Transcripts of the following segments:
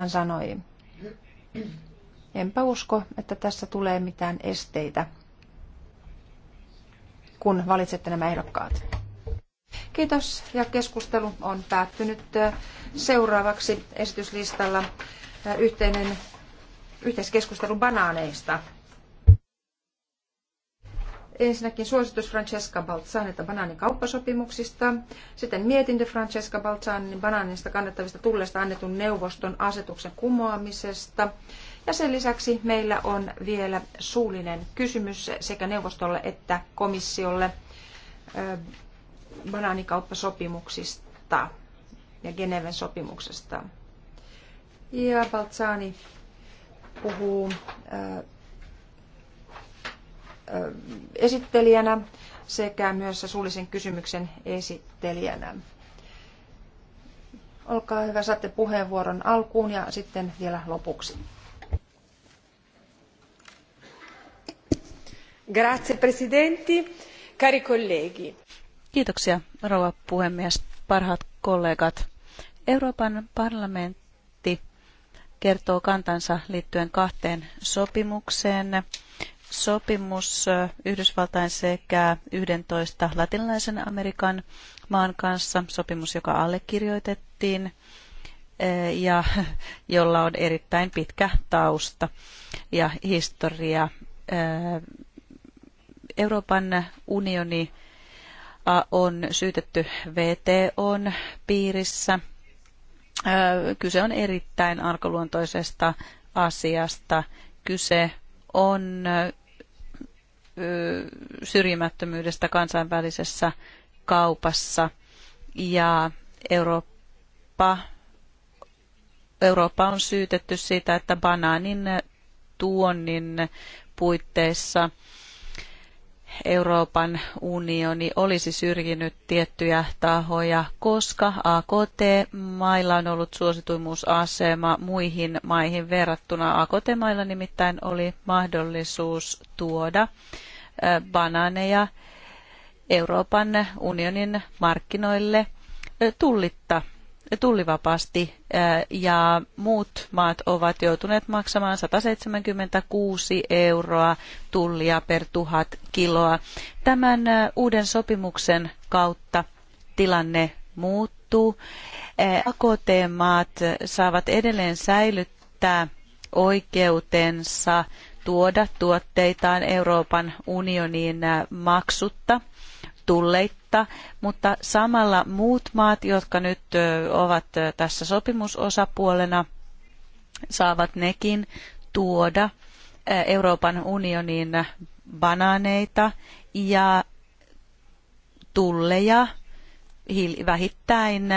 hän sanoi. Enpä usko, että tässä tulee mitään esteitä, kun valitsette nämä ehdokkaat. Kiitos ja keskustelu on päättynyt. Seuraavaksi esityslistalla yhteinen, yhteiskeskustelu banaaneista. Ensinnäkin suositus Francesca Balzanilta banaanin kauppasopimuksista, sitten mietintö Francesca Balzanin banaanista kannettavista tulleista annetun neuvoston asetuksen kumoamisesta. Ja sen lisäksi meillä on vielä suullinen kysymys sekä neuvostolle että komissiolle banaanikauppasopimuksista ja Geneven sopimuksesta. Ja Balzani puhuu esittelijänä sekä myös suullisen kysymyksen esittelijänä. Olkaa hyvä, saatte puheenvuoron alkuun ja sitten vielä lopuksi. Grazie presidenti, cari colleghi. Kiitoksia rouva puhemies, parhaat kollegat. Euroopan parlamentti kertoo kantansa liittyen kahteen sopimukseen sopimus Yhdysvaltain sekä 11 latinalaisen Amerikan maan kanssa, sopimus joka allekirjoitettiin ja jolla on erittäin pitkä tausta ja historia. Euroopan unioni on syytetty VTOn piirissä. Kyse on erittäin arkaluontoisesta asiasta. Kyse on syrjimättömyydestä kansainvälisessä kaupassa. Ja Eurooppa, Eurooppa on syytetty siitä, että banaanin tuonnin puitteissa Euroopan unioni olisi syrjinyt tiettyjä tahoja, koska AKT-mailla on ollut suosituimuusasema muihin maihin verrattuna. AKT-mailla nimittäin oli mahdollisuus tuoda banaaneja Euroopan unionin markkinoille tullitta tullivapaasti ja muut maat ovat joutuneet maksamaan 176 euroa tullia per tuhat kiloa. Tämän uuden sopimuksen kautta tilanne muuttuu. AKT-maat saavat edelleen säilyttää oikeutensa tuoda tuotteitaan Euroopan unioniin maksutta tulleita maita, mutta samalla muut maat, jotka nyt ovat tässä sopimusosapuolena, saavat nekin tuoda Euroopan unionin banaaneita ja tulleja vähittäin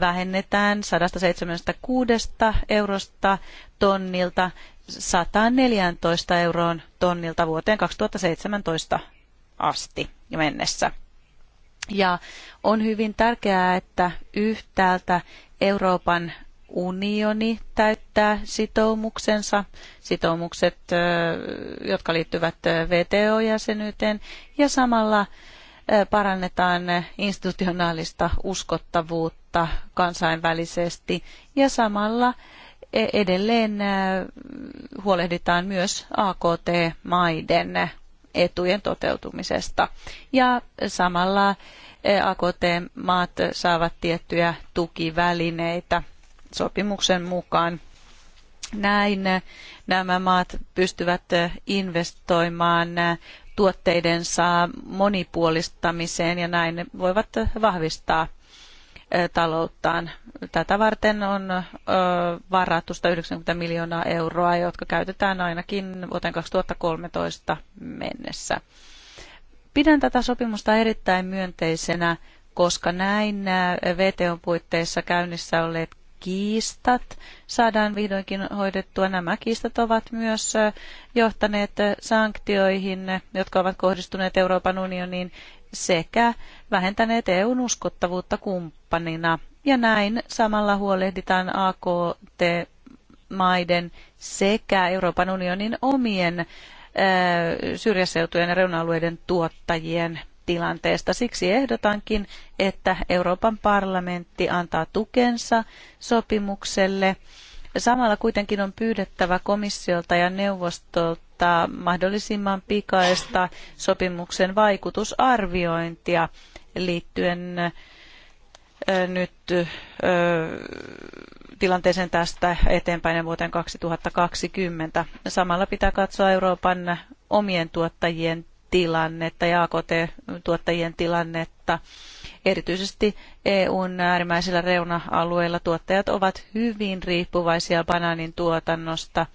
vähennetään 176 eurosta tonnilta 114 euroon tonnilta vuoteen 2017 asti mennessä. Ja on hyvin tärkeää, että yhtäältä Euroopan unioni täyttää sitoumuksensa, sitoumukset, jotka liittyvät VTO-jäsenyyteen, ja samalla parannetaan institutionaalista uskottavuutta kansainvälisesti ja samalla e, edelleen huolehditaan myös AKT-maiden etujen toteutumisesta. Ja samalla eh, AKT-maat saavat tiettyjä tukivälineitä sopimuksen mukaan. Näin eh, nämä maat pystyvät eh, investoimaan tuotteidensa monipuolistamiseen ja näin voivat vahvistaa talouttaan. Tätä varten on varattu 190 miljoonaa euroa, jotka käytetään ainakin vuoteen 2013 mennessä. Pidän tätä sopimusta erittäin myönteisenä, koska näin VTOn puitteissa käynnissä olleet kiistat saadaan vihdoinkin hoidettua. Nämä kiistat ovat myös johtaneet sanktioihin, jotka ovat kohdistuneet Euroopan unioniin sekä vähentäneet EUn uskottavuutta kumppanina. Ja näin samalla huolehditaan AKT-maiden sekä Euroopan unionin omien syrjäseutujen ja reuna-alueiden tuottajien tilanteesta. Siksi ehdotankin, että Euroopan parlamentti antaa tukensa sopimukselle. Samalla kuitenkin on pyydettävä komissiolta ja neuvostolta ehdottaa mahdollisimman pikaista sopimuksen vaikutusarviointia liittyen nyt tilanteeseen tästä eteenpäin ja vuoteen 2020. Samalla pitää katsoa Euroopan omien tuottajien tilannetta ja AKT-tuottajien tilannetta Erityisesti EUn äärimmäisillä reuna-alueilla tuottajat ovat hyvin riippuvaisia banaanin tuotannosta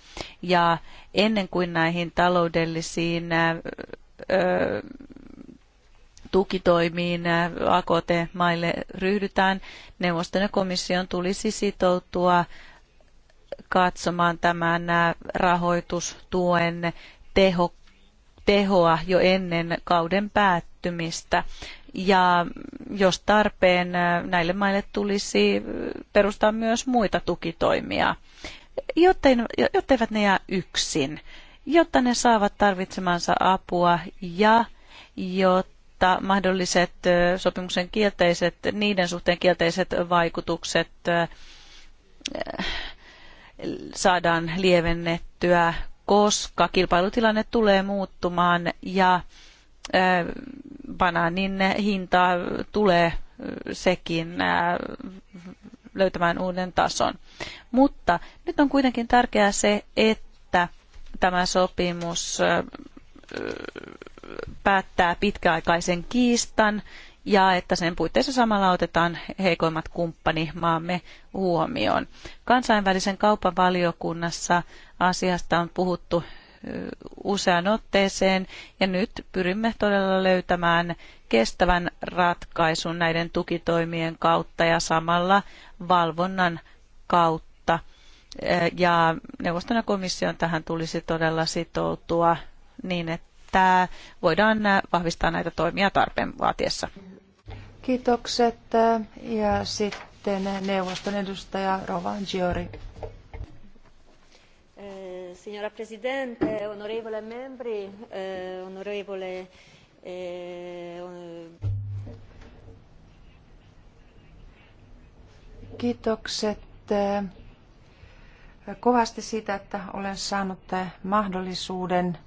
ja ennen kuin näihin taloudellisiin äh, ö, tukitoimiin äh, AKT-maille ryhdytään, neuvoston ja komission tulisi sitoutua katsomaan tämän äh, rahoitustuen teho, tehoa jo ennen kauden päättymistä. Ja jos tarpeen, näille maille tulisi perustaa myös muita tukitoimia, jotteivät ne jää yksin, jotta ne saavat tarvitsemansa apua ja jotta mahdolliset sopimuksen kielteiset, niiden suhteen kielteiset vaikutukset saadaan lievennettyä, koska kilpailutilanne tulee muuttumaan ja banaanin hinta tulee sekin löytämään uuden tason. Mutta nyt on kuitenkin tärkeää se, että tämä sopimus päättää pitkäaikaisen kiistan ja että sen puitteissa samalla otetaan heikoimmat kumppanimaamme huomioon. Kansainvälisen kaupan valiokunnassa asiasta on puhuttu useaan otteeseen ja nyt pyrimme todella löytämään kestävän ratkaisun näiden tukitoimien kautta ja samalla valvonnan kautta. Eh, ja neuvoston ja komission tähän tulisi todella sitoutua niin, että voidaan eh, vahvistaa näitä toimia tarpeen vaatiessa. Kiitokset ja sitten neuvoston edustaja Rovan Giori. Eh, signora Presidente, onorevole membri, eh, onorevole... Eh, Kiitokset eh, kovasti siitä, että olen saanut eh, mahdollisuuden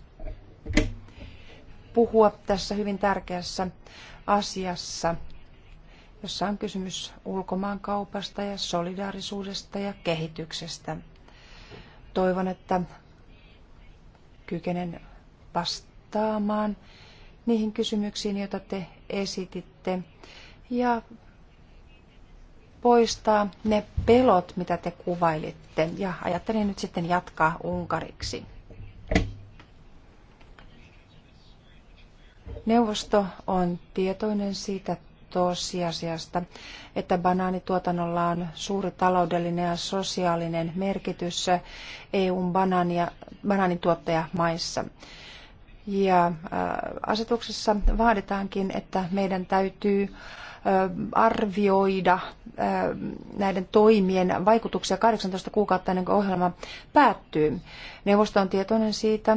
puhua tässä hyvin tärkeässä asiassa, jossa on kysymys ulkomaankaupasta ja solidaarisuudesta ja kehityksestä – toivon, että kykenen vastaamaan niihin kysymyksiin, joita te esititte, ja poistaa ne pelot, mitä te kuvailitte. Ja ajattelin nyt sitten jatkaa unkariksi. Neuvosto on tietoinen siitä tosiasiasta, että banaanituotannolla on suuri taloudellinen ja sosiaalinen merkitys EUn banaania, banaanituottajamaissa. Ja äh, asetuksessa vaaditaankin, että meidän täytyy äh, arvioida äh, näiden toimien vaikutuksia 18 kuukautta ennen kuin ohjelma päättyy. Neuvosto on tietoinen siitä,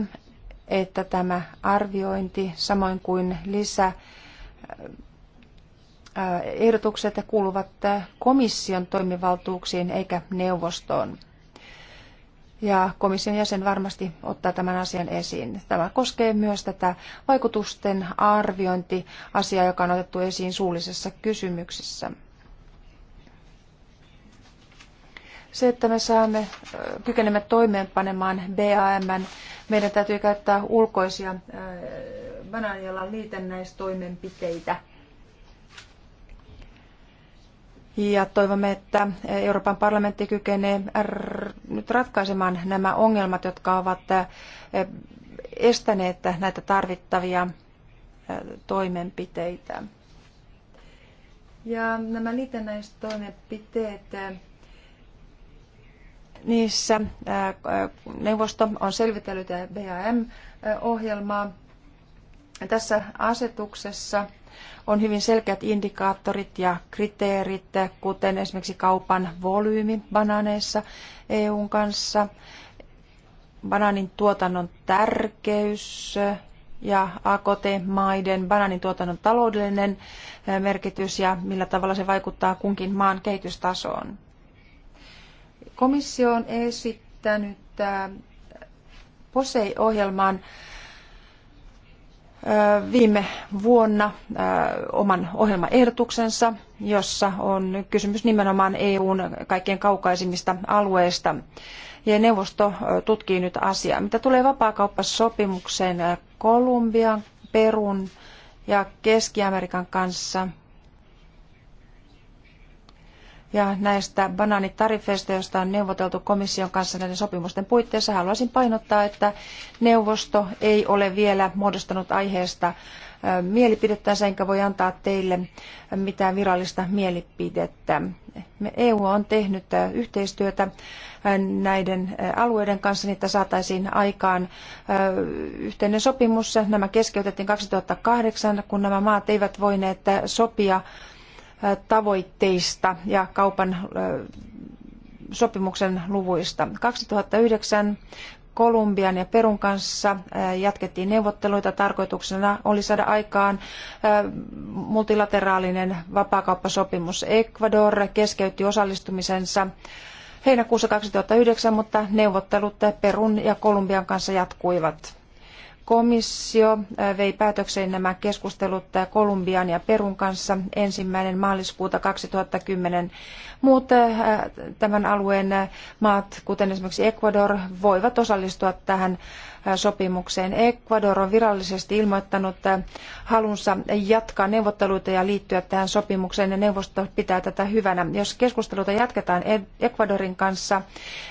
että tämä arviointi samoin kuin lisä Äh, ehdotukset kuuluvat äh, komission toimivaltuuksiin eikä neuvostoon. Ja komission jäsen varmasti ottaa tämän asian esiin. Tämä koskee myös tätä vaikutusten arviointiasiaa, joka on otettu esiin suullisessa kysymyksessä. Se, että me saamme, äh, kykenemme toimeenpanemaan BAM, meidän täytyy käyttää ulkoisia banaanilla liitännäistoimenpiteitä – ja toivomme, että Euroopan parlamentti kykenee nyt ratkaisemaan nämä ongelmat, jotka ovat äh, estäneet näitä tarvittavia äh, toimenpiteitä. Ja nämä liitännäistoimenpiteet, äh, niissä neuvosto on selvitellyt BAM-ohjelmaa tässä asetuksessa on hyvin selkeät indikaattorit ja kriteerit, kuten esimerkiksi kaupan volyymi banaaneissa EUn kanssa, banaanin tuotannon tärkeys ja AKT-maiden banaanin tuotannon taloudellinen eh, merkitys ja millä tavalla se vaikuttaa kunkin maan kehitystasoon. Komissio on esittänyt eh, posei ohjelman viime vuonna oman ohjelmaehdotuksensa, jossa on kysymys nimenomaan EUn kaikkein kaukaisimmista alueista. Ja neuvosto tutkii nyt asiaa. Mitä tulee vapaakauppasopimukseen Kolumbian, Perun ja Keski-Amerikan kanssa – ja näistä banaanitarifeista, joista on neuvoteltu komission kanssa näiden sopimusten puitteissa, haluaisin painottaa, että neuvosto ei ole vielä muodostanut aiheesta mielipidettänsä, enkä voi antaa teille mitään virallista mielipidettä. EU e on tehnyt yhteistyötä näiden alueiden kanssa, niin että saataisiin aikaan yhteinen sopimus. Nämä keskeytettiin 2008, kun nämä maat eivät voineet sopia tavoitteista ja kaupan sopimuksen luvuista. 2009 Kolumbian ja Perun kanssa jatkettiin neuvotteluita. Tarkoituksena oli saada aikaan multilateraalinen vapaakauppasopimus. Ecuador keskeytti osallistumisensa heinäkuussa 2009, mutta neuvottelut Perun ja Kolumbian kanssa jatkuivat. Komissio vei päätökseen nämä keskustelut Kolumbian ja Perun kanssa ensimmäinen maaliskuuta 2010. Muut tämän alueen maat, kuten esimerkiksi Ecuador, voivat osallistua tähän sopimukseen. Ecuador on virallisesti ilmoittanut halunsa jatkaa neuvotteluita ja liittyä tähän sopimukseen ja neuvosto pitää tätä hyvänä. Jos keskusteluita jatketaan e-, Ecuadorin kanssa,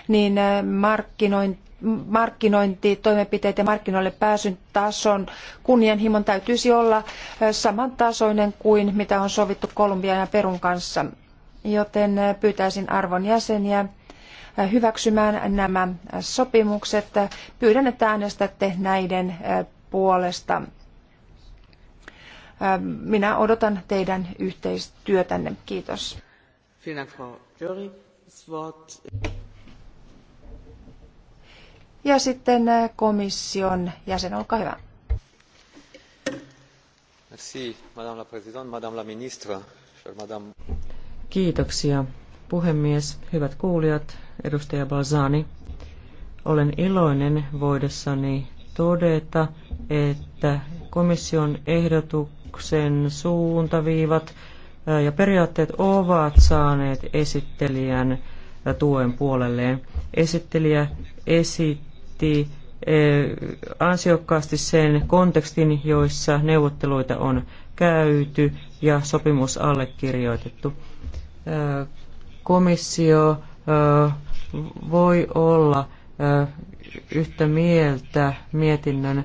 niin markkinointi markkinointitoimenpiteet ja markkinoille pääsyn tason kunnianhimon täytyisi olla samantasoinen kuin mitä on sovittu Kolumbian ja Perun kanssa. Joten pyytäisin arvon jäseniä hyväksymään nämä sopimukset. Pyydän, että äänestätte näiden puolesta. Minä odotan teidän yhteistyötänne. Kiitos. Ja sitten äh, komission jäsen, olkaa hyvä. Merci, madame la présidente, madame la ministre, madame... Kiitoksia, puhemies, hyvät kuulijat, edustaja Balzani. Olen iloinen voidessani todeta, että komission ehdotuksen suuntaviivat äh, ja periaatteet ovat saaneet esittelijän äh, tuen puolelleen. Esittelijä esittää miettii eh, ansiokkaasti sen kontekstin, joissa neuvotteluita on käyty ja sopimus allekirjoitettu. Eh, komissio eh, voi olla yhtä mieltä mietinnön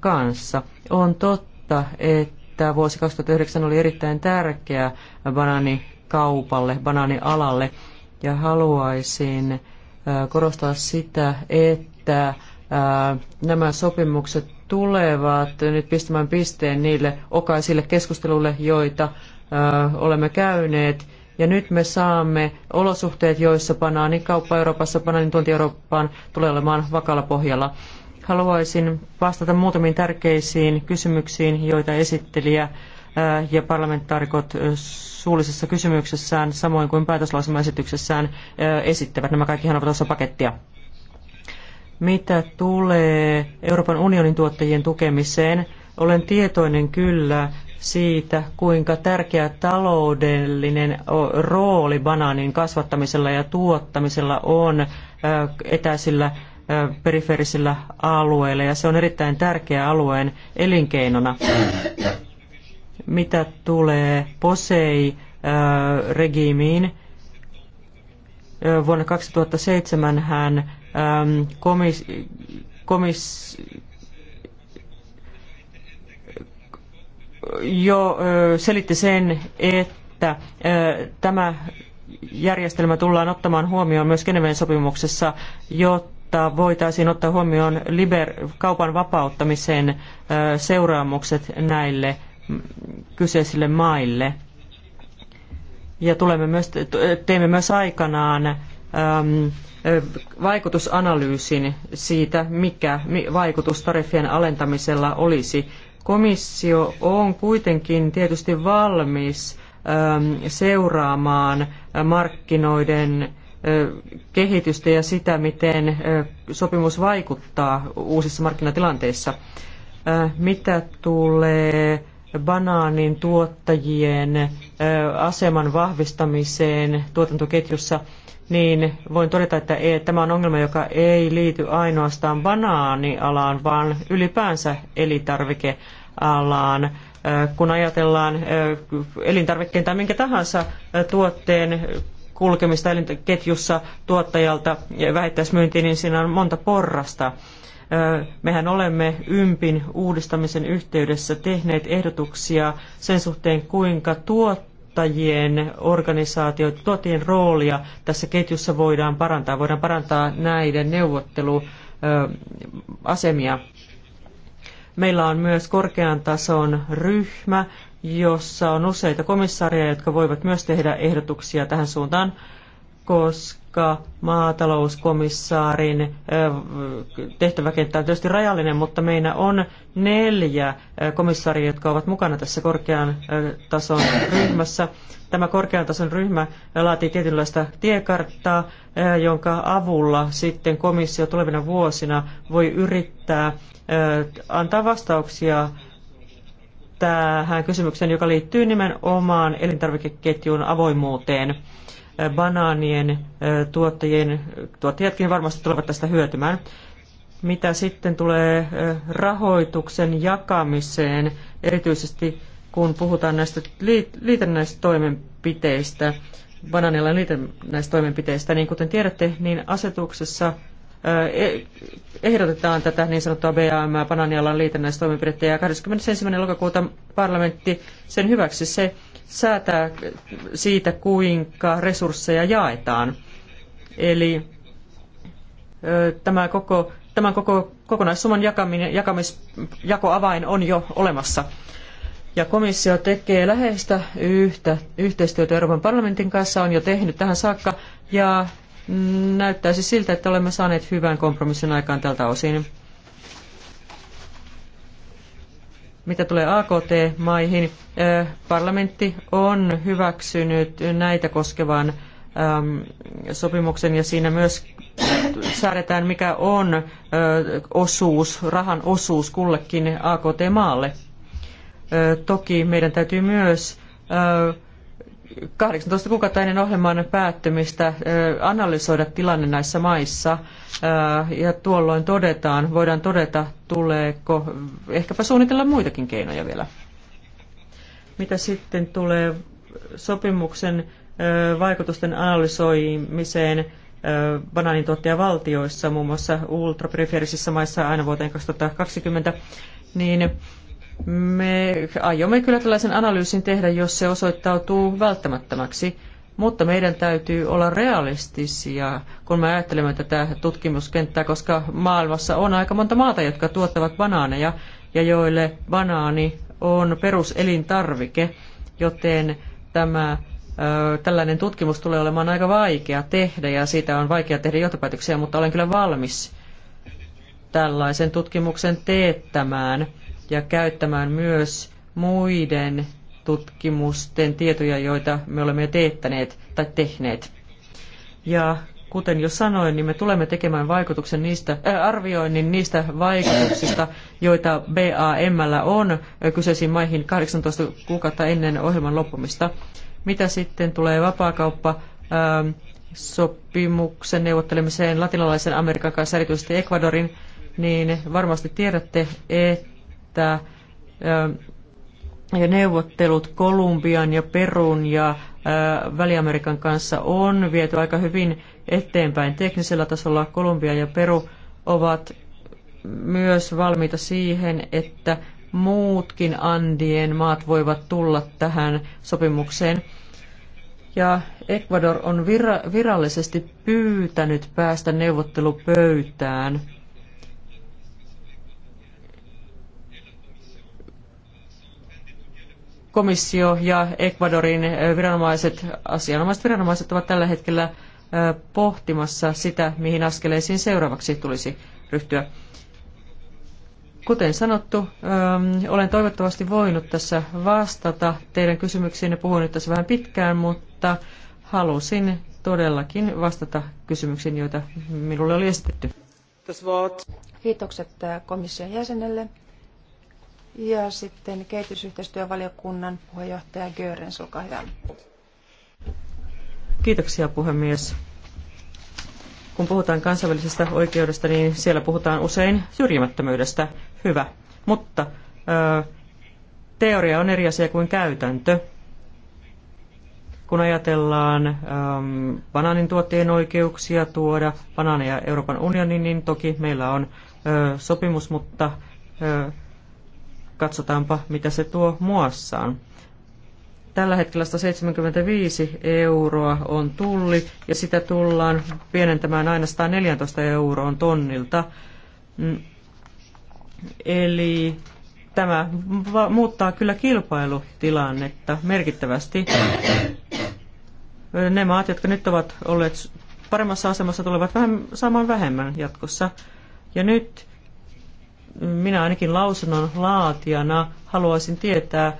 kanssa. On totta, että vuosi 2009 oli erittäin tärkeä banaanikaupalle, banaanialalle ja haluaisin korostaa sitä, että nämä sopimukset tulevat nyt pistämään pisteen niille okaisille keskusteluille, joita olemme käyneet. Ja nyt me saamme olosuhteet, joissa banaanin kauppa Euroopassa, banaanin tuonti Eurooppaan tulee olemaan vakalla pohjalla. Haluaisin vastata muutamiin tärkeisiin kysymyksiin, joita esittelijä Äh, ja parlamentaarikot äh, suullisessa kysymyksessään, samoin kuin päätöslausumaesityksessään äh, esittävät. Nämä kaikkihan ovat osa pakettia. Mitä tulee Euroopan unionin tuottajien tukemiseen, olen tietoinen kyllä siitä, kuinka tärkeä taloudellinen rooli banaanin kasvattamisella ja tuottamisella on etäisillä perifeerisillä alueilla, ja se on erittäin tärkeä alueen elinkeinona mitä tulee POSEI-regiimiin, vuonna 2007 hän komis, komis, jo selitti sen, että tämä järjestelmä tullaan ottamaan huomioon myös Geneven sopimuksessa, jotta voitaisiin ottaa huomioon liber, kaupan vapauttamisen seuraamukset näille kyseisille maille. Ja tulemme myös, teemme myös aikanaan äm, äh, vaikutusanalyysin siitä, mikä vaikutus tariffien alentamisella olisi. Komissio on kuitenkin tietysti valmis ähm, seuraamaan äh, markkinoiden äh, kehitystä ja sitä, miten sopimus vaikuttaa uusissa markkinatilanteissa. Mitä tulee banaanin tuottajien aseman vahvistamiseen tuotantoketjussa, niin voin todeta, että ei, tämä on ongelma, joka ei liity ainoastaan banaanialaan, vaan ylipäänsä elintarvikealaan. Kun ajatellaan elintarvikkeen tai minkä tahansa tuotteen kulkemista ketjussa tuottajalta vähittäismyyntiin, niin siinä on monta porrasta. Mehän olemme ympin uudistamisen yhteydessä tehneet ehdotuksia sen suhteen, kuinka tuottajien organisaatioita, tuottajien roolia tässä ketjussa voidaan parantaa. Voidaan parantaa näiden neuvotteluasemia. Meillä on myös korkean tason ryhmä, jossa on useita komissaaria, jotka voivat myös tehdä ehdotuksia tähän suuntaan, koska vaikka maatalouskomissaarin tehtäväkenttä on tietysti rajallinen, mutta meillä on neljä komissaaria, jotka ovat mukana tässä korkean tason ryhmässä. Tämä korkean tason ryhmä laatii tietynlaista tiekarttaa, jonka avulla sitten komissio tulevina vuosina voi yrittää antaa vastauksia tähän kysymykseen, joka liittyy nimenomaan elintarvikeketjun avoimuuteen banaanien tuottajien, tuottajatkin varmasti tulevat tästä hyötymään. Mitä sitten tulee rahoituksen jakamiseen, erityisesti kun puhutaan näistä liitännäistoimenpiteistä, bananilan liitännäistoimenpiteistä, niin kuten tiedätte, niin asetuksessa e, ehdotetaan tätä niin sanottua BAM, bananialan liitännäistoimenpidettä, ja 21. lokakuuta parlamentti sen hyväksi se säätää siitä, kuinka resursseja jaetaan. Eli tämä koko, tämän koko kokonaissumman jakaminen, jakamis, jakoavain on jo olemassa. Ja komissio tekee läheistä yhtä, yhteistyötä Euroopan parlamentin kanssa, on jo tehnyt tähän saakka, ja mm, näyttäisi siltä, että olemme saaneet hyvän kompromissin aikaan tältä osin. Mitä tulee AKT-maihin, parlamentti on hyväksynyt näitä koskevan sopimuksen ja siinä myös säädetään, mikä on osuus, rahan osuus kullekin AKT-maalle. Toki meidän täytyy myös 18 kuukautta ennen ohjelman päättymistä analysoida tilanne näissä maissa ja tuolloin todetaan, voidaan todeta, tuleeko ehkäpä suunnitella muitakin keinoja vielä. Mitä sitten tulee sopimuksen vaikutusten analysoimiseen banaanintuottajavaltioissa, muun muassa ultraperiferisissä maissa aina vuoteen 2020, niin me aiomme kyllä tällaisen analyysin tehdä, jos se osoittautuu välttämättömäksi, mutta meidän täytyy olla realistisia, kun me ajattelemme tätä tutkimuskenttää, koska maailmassa on aika monta maata, jotka tuottavat banaaneja ja joille banaani on peruselintarvike, joten tämä tällainen tutkimus tulee olemaan aika vaikea tehdä ja siitä on vaikea tehdä johtopäätöksiä, mutta olen kyllä valmis tällaisen tutkimuksen teettämään – ja käyttämään myös muiden tutkimusten tietoja, joita me olemme jo teettäneet tai tehneet. Ja kuten jo sanoin, niin me tulemme tekemään vaikutuksen niistä, äh, arvioinnin niistä vaikutuksista, joita BAMllä on kyseisiin maihin 18 kuukautta ennen ohjelman loppumista. Mitä sitten tulee vapaakauppa äh, sopimuksen neuvottelemiseen latinalaisen Amerikan kanssa, erityisesti Ecuadorin, niin varmasti tiedätte, että että neuvottelut Kolumbian ja Perun ja Väli-Amerikan kanssa on viety aika hyvin eteenpäin teknisellä tasolla. Kolumbia ja Peru ovat myös valmiita siihen, että muutkin Andien maat voivat tulla tähän sopimukseen. Ja Ecuador on virallisesti pyytänyt päästä neuvottelupöytään komissio ja Ecuadorin viranomaiset, asianomaiset viranomaiset ovat tällä hetkellä pohtimassa sitä, mihin askeleisiin seuraavaksi tulisi ryhtyä. Kuten sanottu, olen toivottavasti voinut tässä vastata teidän kysymyksiinne. Puhuin nyt tässä vähän pitkään, mutta halusin todellakin vastata kysymyksiin, joita minulle oli esitetty. Kiitokset komission jäsenelle. Ja sitten kehitysyhteistyövaliokunnan puheenjohtaja Görens, olkaa hyvä. Kiitoksia puhemies. Kun puhutaan kansainvälisestä oikeudesta, niin siellä puhutaan usein syrjimättömyydestä. Hyvä. Mutta ö, teoria on eri asia kuin käytäntö. Kun ajatellaan ähm, banaanin tuottajien oikeuksia tuoda banaaneja Euroopan unioniin, niin toki meillä on äh, sopimus, mutta äh, Katsotaanpa, mitä se tuo muassaan. Tällä hetkellä 175 euroa on tulli ja sitä tullaan pienentämään aina 114 euroon tonnilta. Mm. Eli tämä muuttaa kyllä kilpailutilannetta merkittävästi. Ne maat, jotka nyt ovat olleet paremmassa asemassa, tulevat vähän, saamaan vähemmän jatkossa. Ja nyt minä ainakin lausunnon laatijana haluaisin tietää,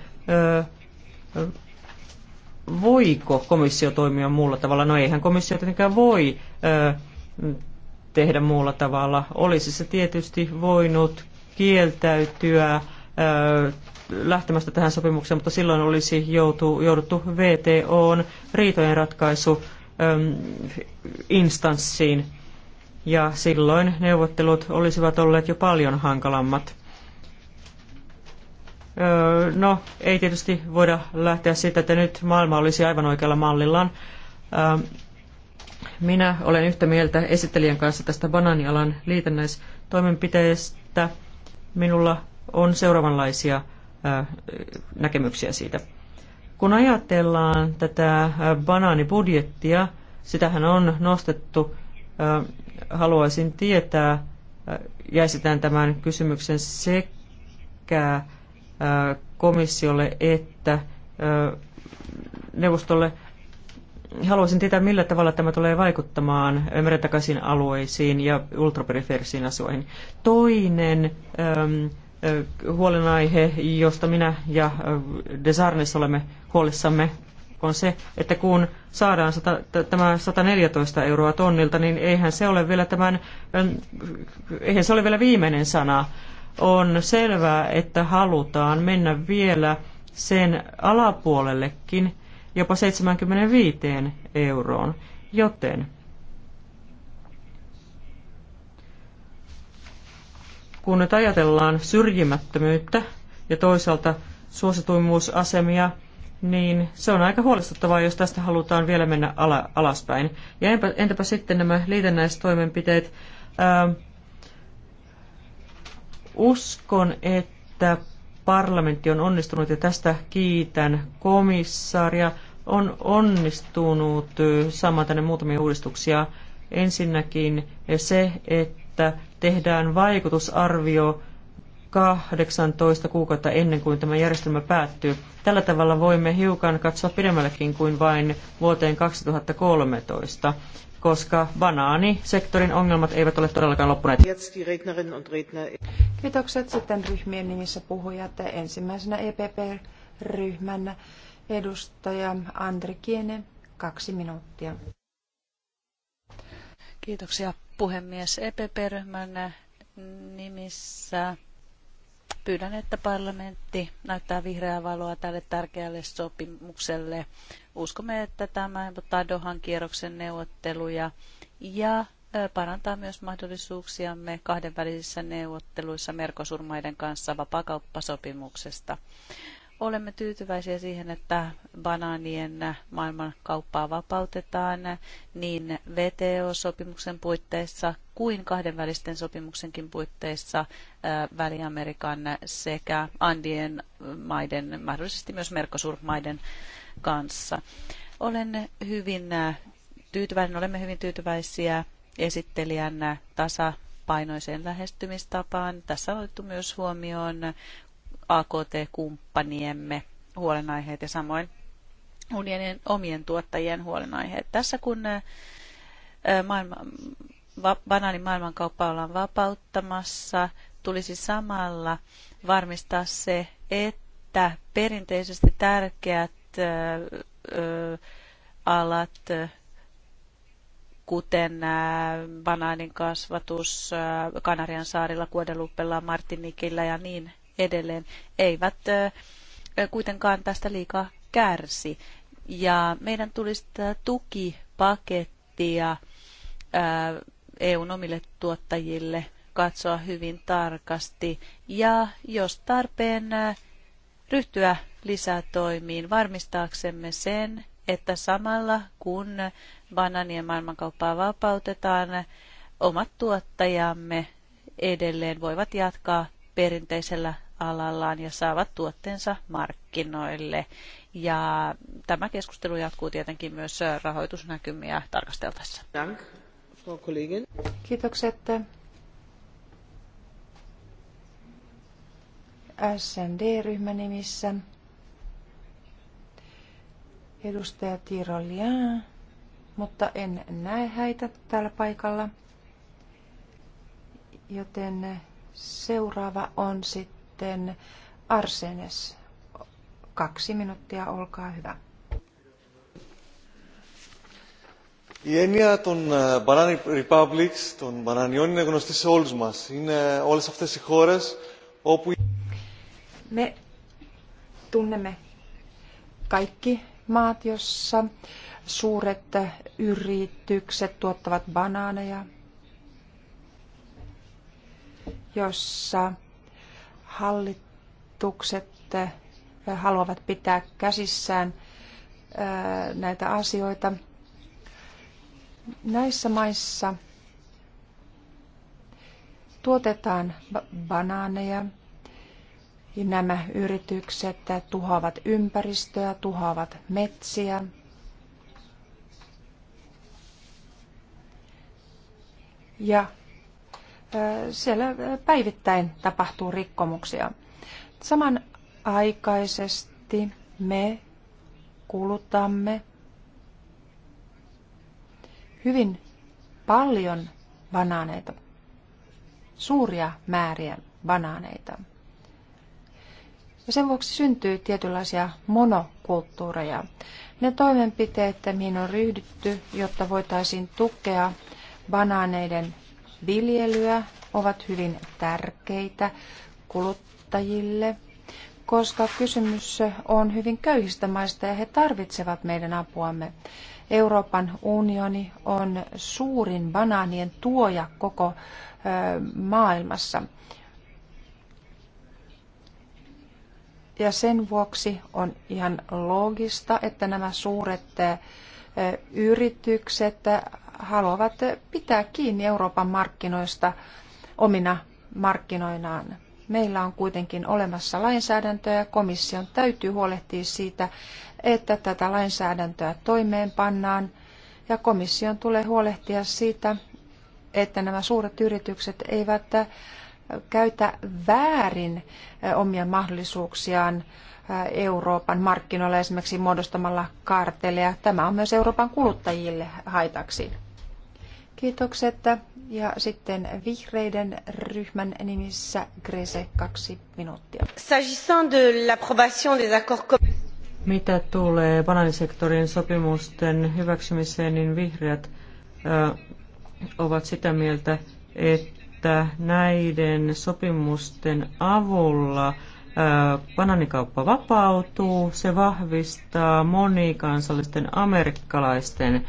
voiko komissio toimia muulla tavalla. No eihän komissio tietenkään voi tehdä muulla tavalla. Olisi se tietysti voinut kieltäytyä lähtemästä tähän sopimukseen, mutta silloin olisi joutu, jouduttu VTOn riitojen ratkaisu instanssiin ja silloin neuvottelut olisivat olleet jo paljon hankalammat. No, ei tietysti voida lähteä siitä, että nyt maailma olisi aivan oikealla mallillaan. Minä olen yhtä mieltä esittelijän kanssa tästä banaanialan liitännäistoimenpiteestä. Minulla on seuraavanlaisia näkemyksiä siitä. Kun ajatellaan tätä banaanibudjettia, sitähän on nostettu haluaisin tietää, ja esitän tämän kysymyksen sekä komissiolle että neuvostolle. Haluaisin tietää, millä tavalla tämä tulee vaikuttamaan merentakaisin alueisiin ja ultraperiferisiin asioihin. Toinen huolenaihe, josta minä ja Desarnes olemme huolissamme, on se, että kun saadaan t- tämä 114 euroa tonnilta, niin eihän se ole vielä, tämän, eihän se ole vielä viimeinen sana. On selvää, että halutaan mennä vielä sen alapuolellekin jopa 75 euroon, joten kun nyt ajatellaan syrjimättömyyttä ja toisaalta suosituimmuusasemia, niin se on aika huolestuttavaa, jos tästä halutaan vielä mennä ala, alaspäin. Ja enpä, entäpä sitten nämä liitännäistoimenpiteet? Ö, ähm, uskon, että parlamentti on onnistunut, ja tästä kiitän komissaaria, on onnistunut saamaan tänne muutamia uudistuksia. Ensinnäkin se, että tehdään vaikutusarvio 18 kuukautta ennen kuin tämä järjestelmä päättyy. Tällä tavalla voimme hiukan katsoa pidemmällekin kuin vain vuoteen 2013 koska banaanisektorin ongelmat eivät ole todellakaan loppuneet. Kiitokset sitten ryhmien nimissä puhujat. Ensimmäisenä EPP-ryhmän edustaja Andri Kiene, kaksi minuuttia. Kiitoksia puhemies. EPP-ryhmän nimissä pyydän, että parlamentti näyttää vihreää valoa tälle tärkeälle sopimukselle. Uskomme, että tämä helpottaa Dohan kierroksen neuvotteluja ja parantaa myös mahdollisuuksiamme kahdenvälisissä neuvotteluissa merkosurmaiden kanssa vapaakauppasopimuksesta olemme tyytyväisiä siihen, että banaanien maailmankauppaa vapautetaan niin VTO-sopimuksen puitteissa kuin kahdenvälisten sopimuksenkin puitteissa Väli-Amerikan sekä Andien maiden, mahdollisesti myös Mercosur-maiden kanssa. Olen hyvin tyytyväinen, olemme hyvin tyytyväisiä esittelijän tasa painoiseen lähestymistapaan. Tässä on otettu myös huomioon AKT-kumppaniemme huolenaiheet ja samoin unionin omien tuottajien huolenaiheet. Tässä kun maailma, va, banaanin maailmankauppa ollaan vapauttamassa, tulisi samalla varmistaa se, että perinteisesti tärkeät ö, ö, alat, kuten banaanin kasvatus Kanarian saarilla, Guadalupella, Martinikilla ja niin edelleen, eivät kuitenkaan tästä liikaa kärsi. Ja meidän tulisi tätä tukipakettia EUn omille tuottajille katsoa hyvin tarkasti ja jos tarpeen ryhtyä lisätoimiin varmistaaksemme sen, että samalla kun bananien maailmankauppaa vapautetaan, omat tuottajamme edelleen voivat jatkaa perinteisellä alallaan ja saavat tuotteensa markkinoille. Ja tämä keskustelu jatkuu tietenkin myös rahoitusnäkymiä tarkasteltaessa. Dank, Frau Kollegin. Kiitokset. SND-ryhmän nimissä edustaja Tirolia, mutta en näe häitä täällä paikalla. Joten seuraava on sitten sitten Arsenes. Kaksi minuuttia, olkaa hyvä. Η έννοια των Banana Republics, των Bananiών, είναι γνωστή σε όλους μας. Είναι όλες αυτές οι χώρες όπου... Με τούνεμε kaikki maat, jossa suuret yritykset tuottavat banaaneja, jossa hallitukset eh, haluavat pitää käsissään eh, näitä asioita. Näissä maissa tuotetaan banaaneja ja nämä yritykset eh, tuhoavat ympäristöä, tuhoavat metsiä. Ja siellä päivittäin tapahtuu rikkomuksia. Samanaikaisesti me kulutamme hyvin paljon banaaneita, suuria määriä banaaneita. Ja sen vuoksi syntyy tietynlaisia monokulttuureja. Ne toimenpiteet, mihin on ryhdytty, jotta voitaisiin tukea banaaneiden viljelyä ovat hyvin tärkeitä kuluttajille, koska kysymys on hyvin köyhistä maista ja he tarvitsevat meidän apuamme. Euroopan unioni on suurin banaanien tuoja koko maailmassa. Ja sen vuoksi on ihan loogista, että nämä suuret yritykset haluavat pitää kiinni Euroopan markkinoista omina markkinoinaan. Meillä on kuitenkin olemassa lainsäädäntöä ja komission täytyy huolehtia siitä, että tätä lainsäädäntöä toimeenpannaan ja komission tulee huolehtia siitä, että nämä suuret yritykset eivät käytä väärin omia mahdollisuuksiaan Euroopan markkinoilla esimerkiksi muodostamalla karteleja. Tämä on myös Euroopan kuluttajille haitaksi. Kiitokset. Ja sitten vihreiden ryhmän nimissä Grese kaksi minuuttia. Mitä tulee banaanisektorin sopimusten hyväksymiseen, niin vihreät ö, ovat sitä mieltä, että että näiden sopimusten avulla bananikauppa vapautuu, se vahvistaa monikansallisten amerikkalaisten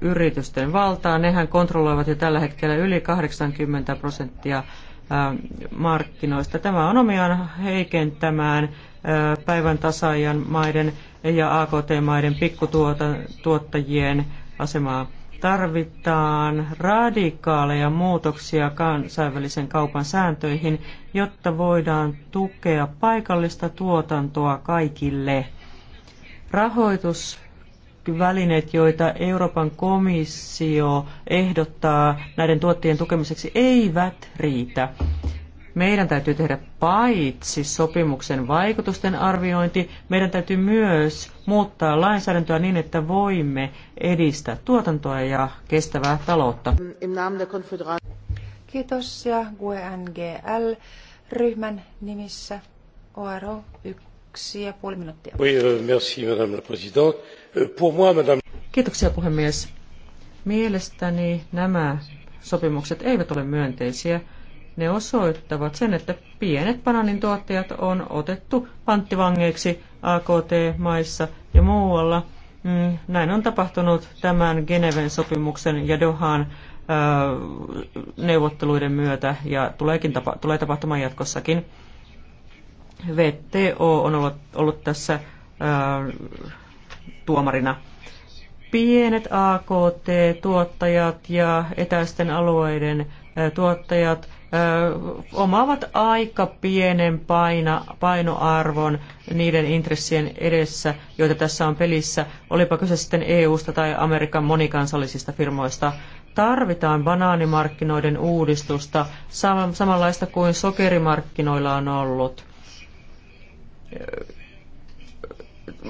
yritysten valtaa. Nehän kontrolloivat jo tällä hetkellä yli 80 prosenttia markkinoista. Tämä on omiaan heikentämään päivän tasaajan maiden ja AKT-maiden pikkutuottajien asemaa tarvitaan radikaaleja muutoksia kansainvälisen kaupan sääntöihin, jotta voidaan tukea paikallista tuotantoa kaikille. Rahoitusvälineet, joita Euroopan komissio ehdottaa näiden tuottien tukemiseksi, eivät riitä meidän täytyy tehdä paitsi sopimuksen vaikutusten arviointi, meidän täytyy myös muuttaa lainsäädäntöä niin, että voimme edistää tuotantoa ja kestävää taloutta. Kiitos ja GNGL ryhmän nimissä ORO 1 ja puoli minuuttia. Euh, euh, Kiitoksia puhemies. Mielestäni nämä sopimukset eivät ole myönteisiä ne osoittavat sen, että pienet bananin tuottajat on otettu panttivangeiksi AKT-maissa ja muualla. Mm, näin on tapahtunut tämän Geneven sopimuksen ja Dohan äh, neuvotteluiden myötä ja tuleekin tapa, tulee tapahtumaan jatkossakin. VTO on ollut, ollut tässä ää, äh, tuomarina. Pienet AKT-tuottajat ja etäisten alueiden ää, äh, tuottajat omaavat aika pienen paina, painoarvon niiden intressien edessä, joita tässä on pelissä, olipa kyse sitten EU-sta tai Amerikan monikansallisista firmoista. Tarvitaan banaanimarkkinoiden uudistusta, samanlaista kuin sokerimarkkinoilla on ollut.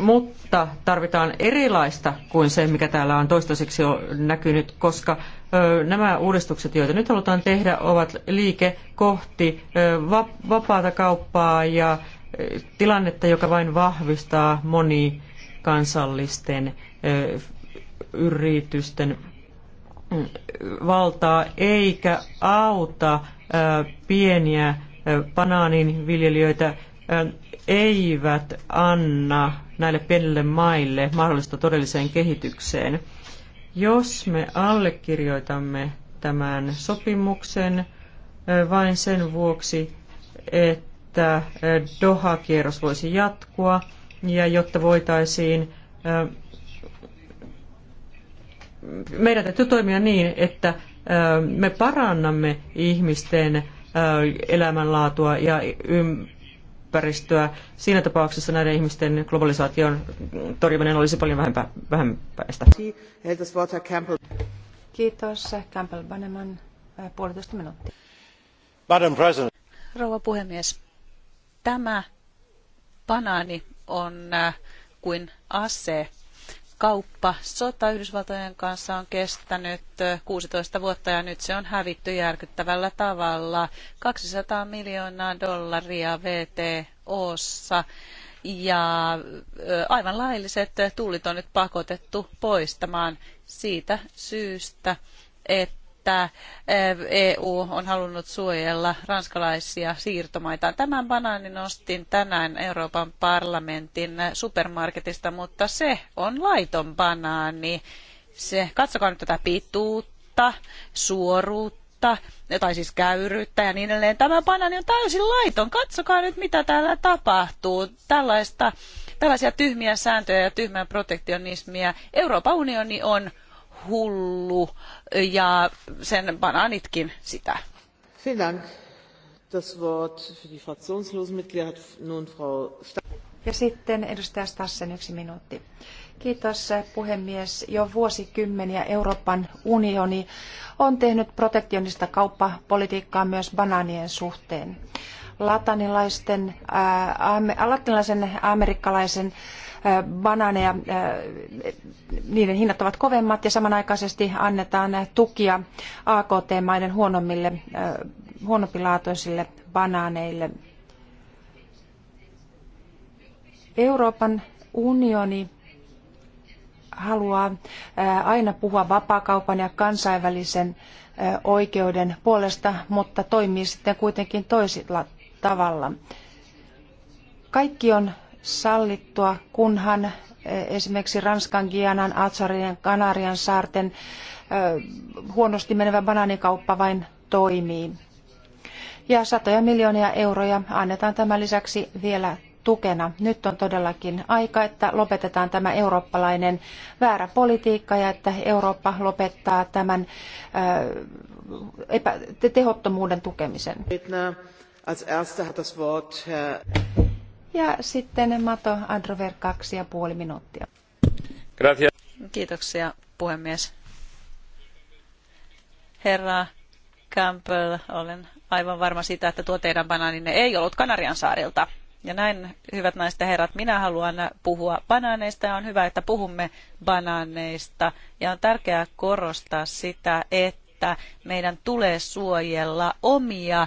Mutta tarvitaan erilaista kuin se, mikä täällä on toistaiseksi jo näkynyt, koska nämä uudistukset, joita nyt halutaan tehdä, ovat liike kohti vapaata kauppaa ja tilannetta, joka vain vahvistaa monikansallisten yritysten mm, valtaa, eikä auta pieniä banaaninviljelijöitä, eivät anna näille pienille maille mahdollista todelliseen kehitykseen. Jos me allekirjoitamme tämän sopimuksen vain sen vuoksi, että Doha-kierros voisi jatkua ja jotta voitaisiin meidän täytyy toimia niin, että me parannamme ihmisten elämänlaatua ja ympäristöä. Siinä tapauksessa näiden ihmisten globalisaation torjuminen olisi paljon vähempää, vähempäistä. Kiitos. Campbell Banneman, äh, puolitoista minuuttia. Madam President. Rouva puhemies, tämä banaani on äh, kuin ase kauppa sota Yhdysvaltojen kanssa on kestänyt 16 vuotta ja nyt se on hävitty järkyttävällä tavalla. 200 miljoonaa dollaria VTOssa ja aivan lailliset tullit on nyt pakotettu poistamaan siitä syystä, että että EU eh, e on halunnut suojella ranskalaisia siirtomaita. Tämän banaanin ostin tänään Euroopan parlamentin supermarketista, mutta se on laiton banaani. Se, katsokaa nyt tätä pituutta, suoruutta, tai siis käyryyttä ja niin edelleen. Tämä banaani on täysin laiton. Katsokaa nyt, mitä täällä tapahtuu. Tällaista, tällaisia tyhmiä sääntöjä ja tyhmää protektionismia Euroopan unioni on hullu ja sen banaanitkin sitä. Ja sitten edustaja Stassen yksi minuutti. Kiitos eh, puhemies. Jo vuosikymmeniä Euroopan unioni on tehnyt protektionista kauppapolitiikkaa myös banaanien suhteen. Latanilaisten, ää, latinalaisen amerikkalaisen bananeja, äh, niiden hinnat ovat kovemmat ja samanaikaisesti annetaan tukia AKT-maiden huonommille, äh, huonompilaatuisille banaaneille. Euroopan unioni haluaa äh, aina puhua vapaakaupan ja kansainvälisen oikeuden puolesta, mutta toimii sitten kuitenkin toisella tavalla. Kaikki on sallittua, kunhan e, esimerkiksi Ranskan, Gianan, Atsarien, Kanarian saarten e, huonosti menevä banaanikauppa vain toimii. Ja satoja miljoonia euroja annetaan tämän lisäksi vielä tukena. Nyt on todellakin aika, että lopetetaan tämä eurooppalainen väärä politiikka ja että Eurooppa lopettaa tämän e, epä, tehottomuuden tukemisen. Als hat das Wort Herr ja sitten Mato Androver, kaksi ja puoli minuuttia. Gracias. Kiitoksia puhemies. Herra Campbell, olen aivan varma siitä, että tuo teidän banaaninne ei ollut Kanarian saarilta. Ja näin, hyvät naiset ja herrat, minä haluan puhua banaaneista ja on hyvä, että puhumme banaaneista. Ja on tärkeää korostaa sitä, että että meidän tulee suojella omia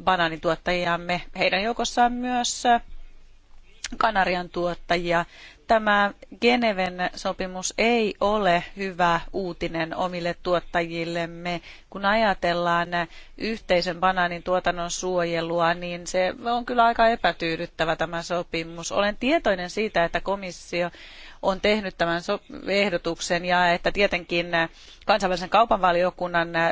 banaanituottajiamme, heidän joukossaan myös Kanarian tuottajia. Tämä Geneven sopimus ei ole hyvä uutinen omille tuottajillemme. Kun ajatellaan yhteisen banaanin tuotannon suojelua, niin se on kyllä aika epätyydyttävä tämä sopimus. Olen tietoinen siitä, että komissio on tehnyt tämän ehdotuksen ja että tietenkin äh, kansainvälisen kaupan valiokunnan äh,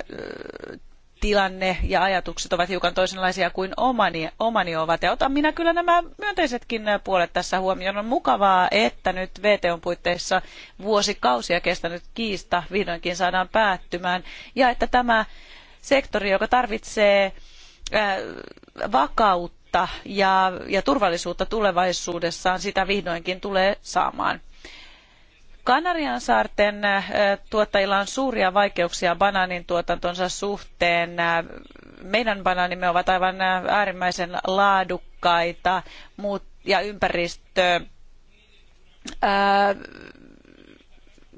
tilanne ja ajatukset ovat hiukan toisenlaisia kuin omani, omani ovat. Ja otan minä kyllä nämä myönteisetkin äh, puolet tässä huomioon. On mukavaa, että nyt VTOn puitteissa vuosikausia kestänyt kiista vihdoinkin saadaan päättymään. Ja että tämä sektori, joka tarvitsee vakautta ja, ja turvallisuutta tulevaisuudessaan, sitä vihdoinkin tulee saamaan. Kanarian saarten äh, tuottajilla on suuria vaikeuksia banaanin tuotantonsa suhteen. Äh, meidän banaanimme ovat aivan äh, äärimmäisen laadukkaita ja ympäristö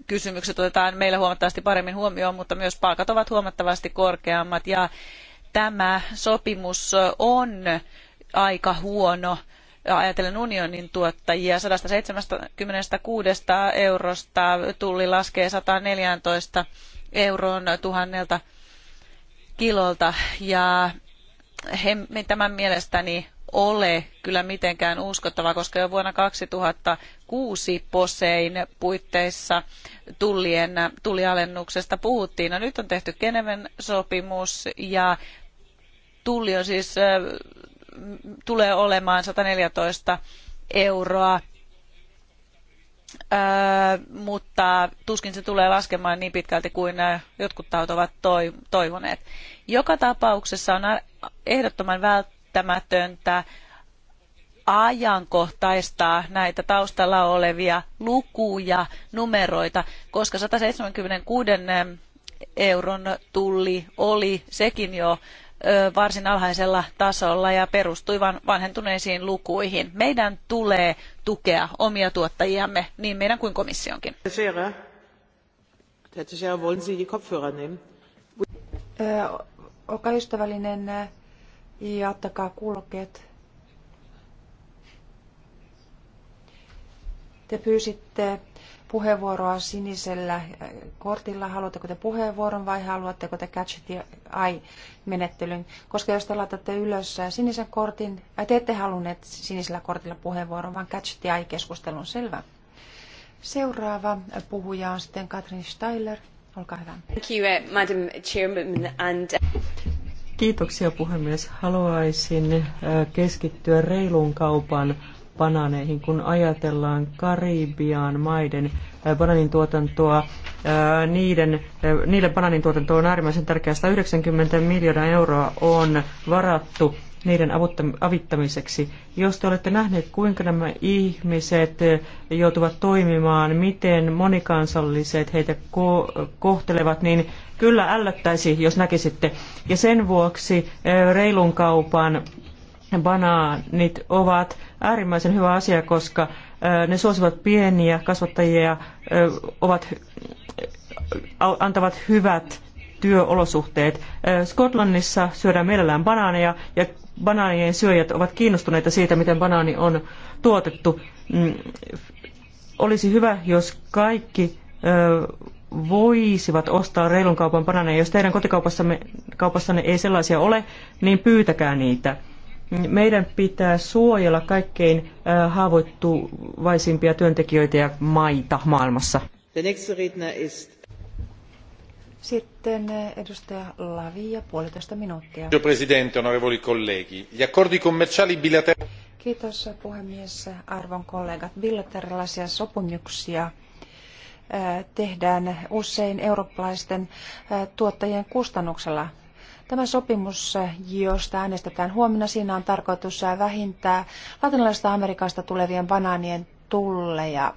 kysymykset otetaan meillä huomattavasti paremmin huomioon, mutta myös palkat ovat huomattavasti korkeammat ja tämä sopimus on aika huono ajatellen unionin tuottajia. 176 eurosta tulli laskee 114 euroon tuhannelta kilolta ja he, tämän mielestäni ole kyllä mitenkään uskottava, koska jo vuonna 2006 POSEin puitteissa tullien, tullialennuksesta puhuttiin. No nyt on tehty Geneven sopimus ja tulli on siis tulee olemaan 114 euroa, mutta tuskin se tulee laskemaan niin pitkälti kuin jotkut tahot ovat toivoneet. Joka tapauksessa on ehdottoman välttämätöntä ajankohtaistaa näitä taustalla olevia lukuja, numeroita, koska 176 euron tulli oli sekin jo varsin alhaisella tasolla ja perustui vanhentuneisiin lukuihin. Meidän tulee tukea omia tuottajiamme, niin meidän kuin komissionkin. Olkaa ystävällinen ja ottakaa Te pyysitte puheenvuoroa sinisellä kortilla. Haluatteko te puheenvuoron vai haluatteko te catch the eye-menettelyn? Koska jos te laitatte ylös sinisen kortin, ää, te ette halunneet sinisellä kortilla puheenvuoron, vaan catch the eye-keskustelun selvä. Seuraava puhuja on sitten Katrin Steiler. Olkaa hyvä. Thank you, uh, Madam Chairman. And... Uh, Kiitoksia puhemies. Haluaisin uh, keskittyä reilun kaupan bananeihin, kun ajatellaan Karibian maiden äh, bananin tuotantoa. Äh, niiden, äh, niille bananin tuotanto on äärimmäisen tärkeää. 190 miljoonaa euroa on varattu niiden avittamiseksi. Jos te olette nähneet, kuinka nämä ihmiset joutuvat toimimaan, miten monikansalliset heitä ko- kohtelevat, niin kyllä ällöttäisi, jos näkisitte. Ja sen vuoksi reilun kaupan banaanit ovat äärimmäisen hyvä asia, koska ne suosivat pieniä kasvattajia, ovat, antavat hyvät työolosuhteet. Skotlannissa syödään mielellään banaaneja ja banaanien syöjät ovat kiinnostuneita siitä, miten banaani on tuotettu. Mm, olisi hyvä, jos kaikki voisivat ostaa reilun kaupan banaaneja. Jos teidän kotikaupassanne ei sellaisia ole, niin pyytäkää niitä. Meidän pitää suojella kaikkein haavoittuvaisimpia työntekijöitä ja maita maailmassa. Sitten edustaja Lavia, puolitoista minuuttia. Signor Presidente, onorevoli colleghi, gli accordi commerciali bilaterali... Kiitos puhemies, arvon kollegat. Bilateraalisia sopimuksia tehdään usein eurooppalaisten tuottajien kustannuksella. Tämä sopimus, josta äänestetään huomenna, siinä on tarkoitus vähintää latinalaisesta Amerikasta tulevien banaanien tulleja.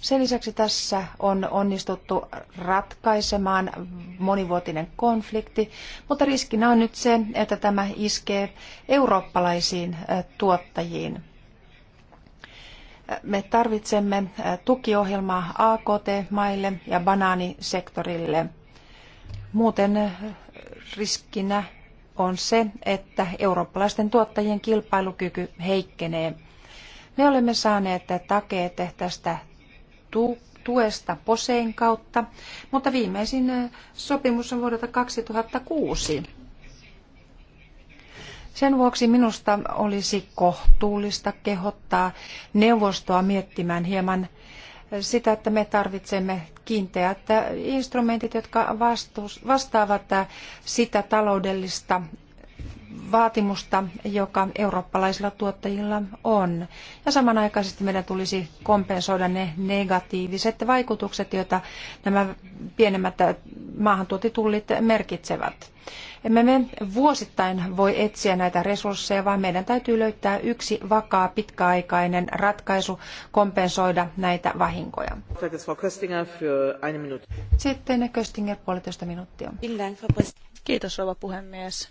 Sen lisäksi tässä on onnistuttu ratkaisemaan monivuotinen konflikti, mutta riskinä on nyt se, että tämä iskee eurooppalaisiin tuottajiin. Me tarvitsemme tukiohjelmaa AKT-maille ja banaanisektorille. Muuten riskinä on se, että eurooppalaisten tuottajien kilpailukyky heikkenee. Me olemme saaneet takeet tästä tuesta POSEin kautta, mutta viimeisin sopimus on vuodelta 2006. Sen vuoksi minusta olisi kohtuullista kehottaa neuvostoa miettimään hieman sitä, että me tarvitsemme kiinteät instrumentit, jotka vastaavat sitä taloudellista vaatimusta, joka eurooppalaisilla tuottajilla on. Ja samanaikaisesti meidän tulisi kompensoida ne negatiiviset vaikutukset, joita nämä pienemmät maahantuotitullit merkitsevät. Emme me vuosittain voi etsiä näitä resursseja, vaan meidän täytyy löytää yksi vakaa pitkäaikainen ratkaisu kompensoida näitä vahinkoja. Sitten Köstinger puolitoista minuuttia. Kiitos rouva puhemies.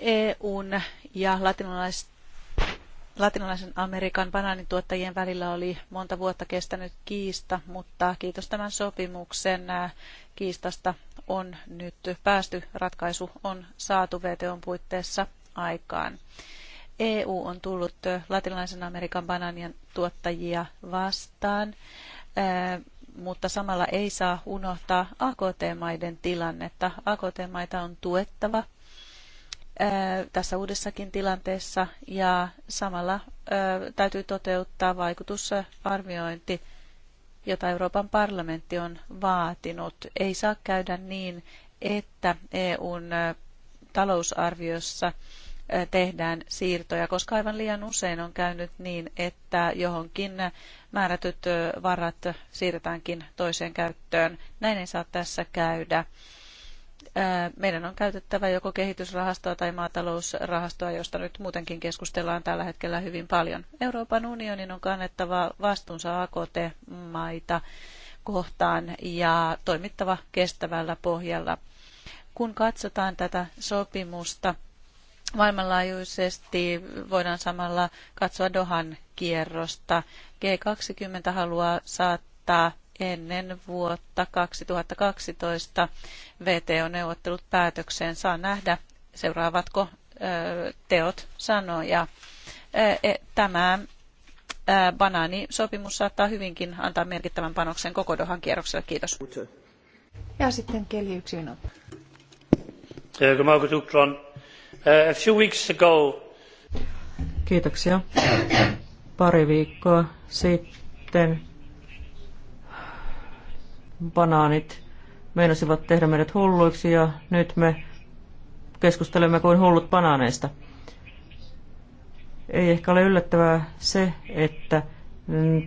EUn ja latinalaisen Amerikan banaanituottajien välillä oli monta vuotta kestänyt kiista, mutta kiitos tämän sopimuksen kiistasta on nyt päästy, ratkaisu on saatu VTOn puitteissa aikaan. EU on tullut äh, latinalaisen Amerikan bananien tuottajia vastaan, äh, mutta samalla ei saa unohtaa AKT-maiden tilannetta. AKT-maita on tuettava äh, tässä uudessakin tilanteessa ja samalla täytyy toteuttaa vaikutusarviointi jota Euroopan parlamentti on vaatinut. Ei saa käydä niin, että EUn talousarviossa tehdään siirtoja, koska aivan liian usein on käynyt niin, että johonkin määrätyt varat siirretäänkin toiseen käyttöön. Näin ei saa tässä käydä meidän on käytettävä joko kehitysrahastoa tai maatalousrahastoa, josta nyt muutenkin keskustellaan tällä hetkellä hyvin paljon. Euroopan unionin on kannettava vastuunsa AKT-maita kohtaan ja toimittava kestävällä pohjalla. Kun katsotaan tätä sopimusta maailmanlaajuisesti, voidaan samalla katsoa Dohan kierrosta. G20 haluaa saattaa ennen vuotta 2012 VTO-neuvottelut päätökseen. Saa nähdä, seuraavatko teot sanoja. E, tämä banaanisopimus saattaa hyvinkin antaa merkittävän panoksen koko Dohan kierrokselle. Kiitos. Ja sitten Keli yksi minuutti. Eh, eh, a few weeks ago. Kiitoksia. Pari viikkoa sitten banaanit meinasivat tehdä meidät hulluiksi ja nyt me keskustelemme kuin hullut banaaneista. Ei ehkä ole yllättävää se, että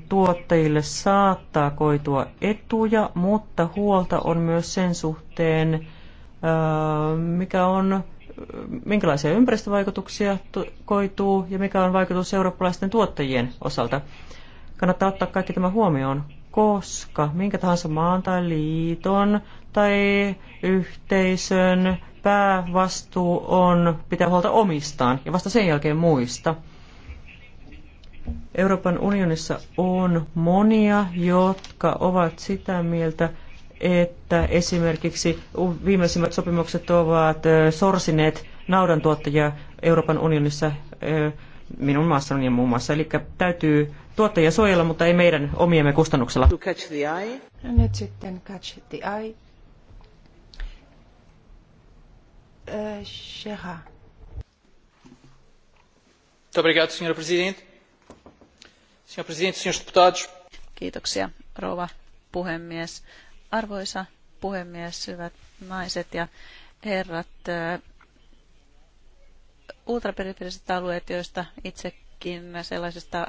tuottajille saattaa koitua etuja, mutta huolta on myös sen suhteen, äh, mikä on, minkälaisia ympäristövaikutuksia koituu ja mikä on vaikutus eurooppalaisten tuottajien osalta. Kannattaa ottaa kaikki tämä huomioon, koska minkä tahansa maan tai liiton tai yhteisön päävastuu on pitää huolta omistaan ja vasta sen jälkeen muista. Euroopan unionissa on monia, jotka ovat sitä mieltä, että esimerkiksi viimeisimmät sopimukset ovat sorsineet naudantuottajia Euroopan unionissa minun maassani ja muun muassa. Eli täytyy tuottajia suojella, mutta ei meidän omiemme kustannuksella. Nyt sitten catch the eye. Äh, senhor Presidente. Senhor Presidente, senhores deputados. Kiitoksia, rouva puhemies. Arvoisa puhemies, hyvät naiset ja herrat. Äh, ultraperiferiset alueet, joista itse kuitenkin sellaisesta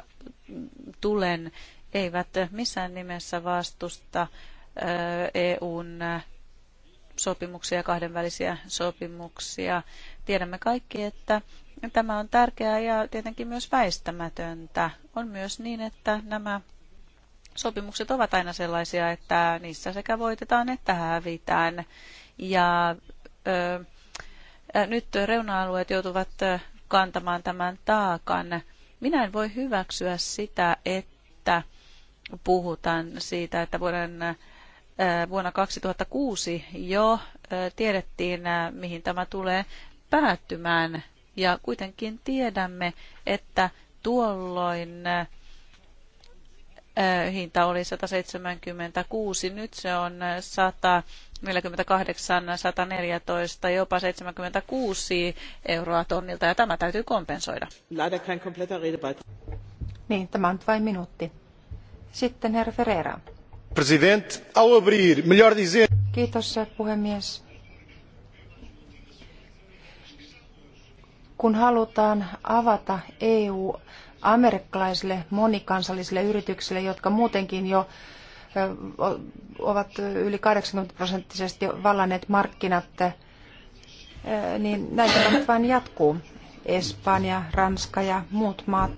tulen, eivät missään nimessä vastusta EUn sopimuksia, kahdenvälisiä sopimuksia. Tiedämme kaikki, että tämä on tärkeää ja tietenkin myös väistämätöntä. On myös niin, että nämä sopimukset ovat aina sellaisia, että niissä sekä voitetaan että hävitään. Ja ö, nyt reuna-alueet joutuvat kantamaan tämän taakan. Minä en voi hyväksyä sitä, että puhutaan siitä, että vuoden, äh, vuonna 2006 jo äh, tiedettiin, äh, mihin tämä tulee päättymään. Ja kuitenkin tiedämme, että tuolloin Äh, hinta oli 176, nyt se on 148, äh, 114, jopa 76 euroa tonnilta ja tämä täytyy kompensoida. Niin, tämä on vain minuutti. Sitten herra Ferreira. President, ao abrir, melhor dizer... Kiitos äh, puhemies. Kun halutaan avata EU amerikkalaisille monikansallisille yrityksille, jotka muutenkin jo ovat yli 80 prosenttisesti vallanneet markkinat, niin näitä nyt vain jatkuu. Espanja, Ranska ja muut maat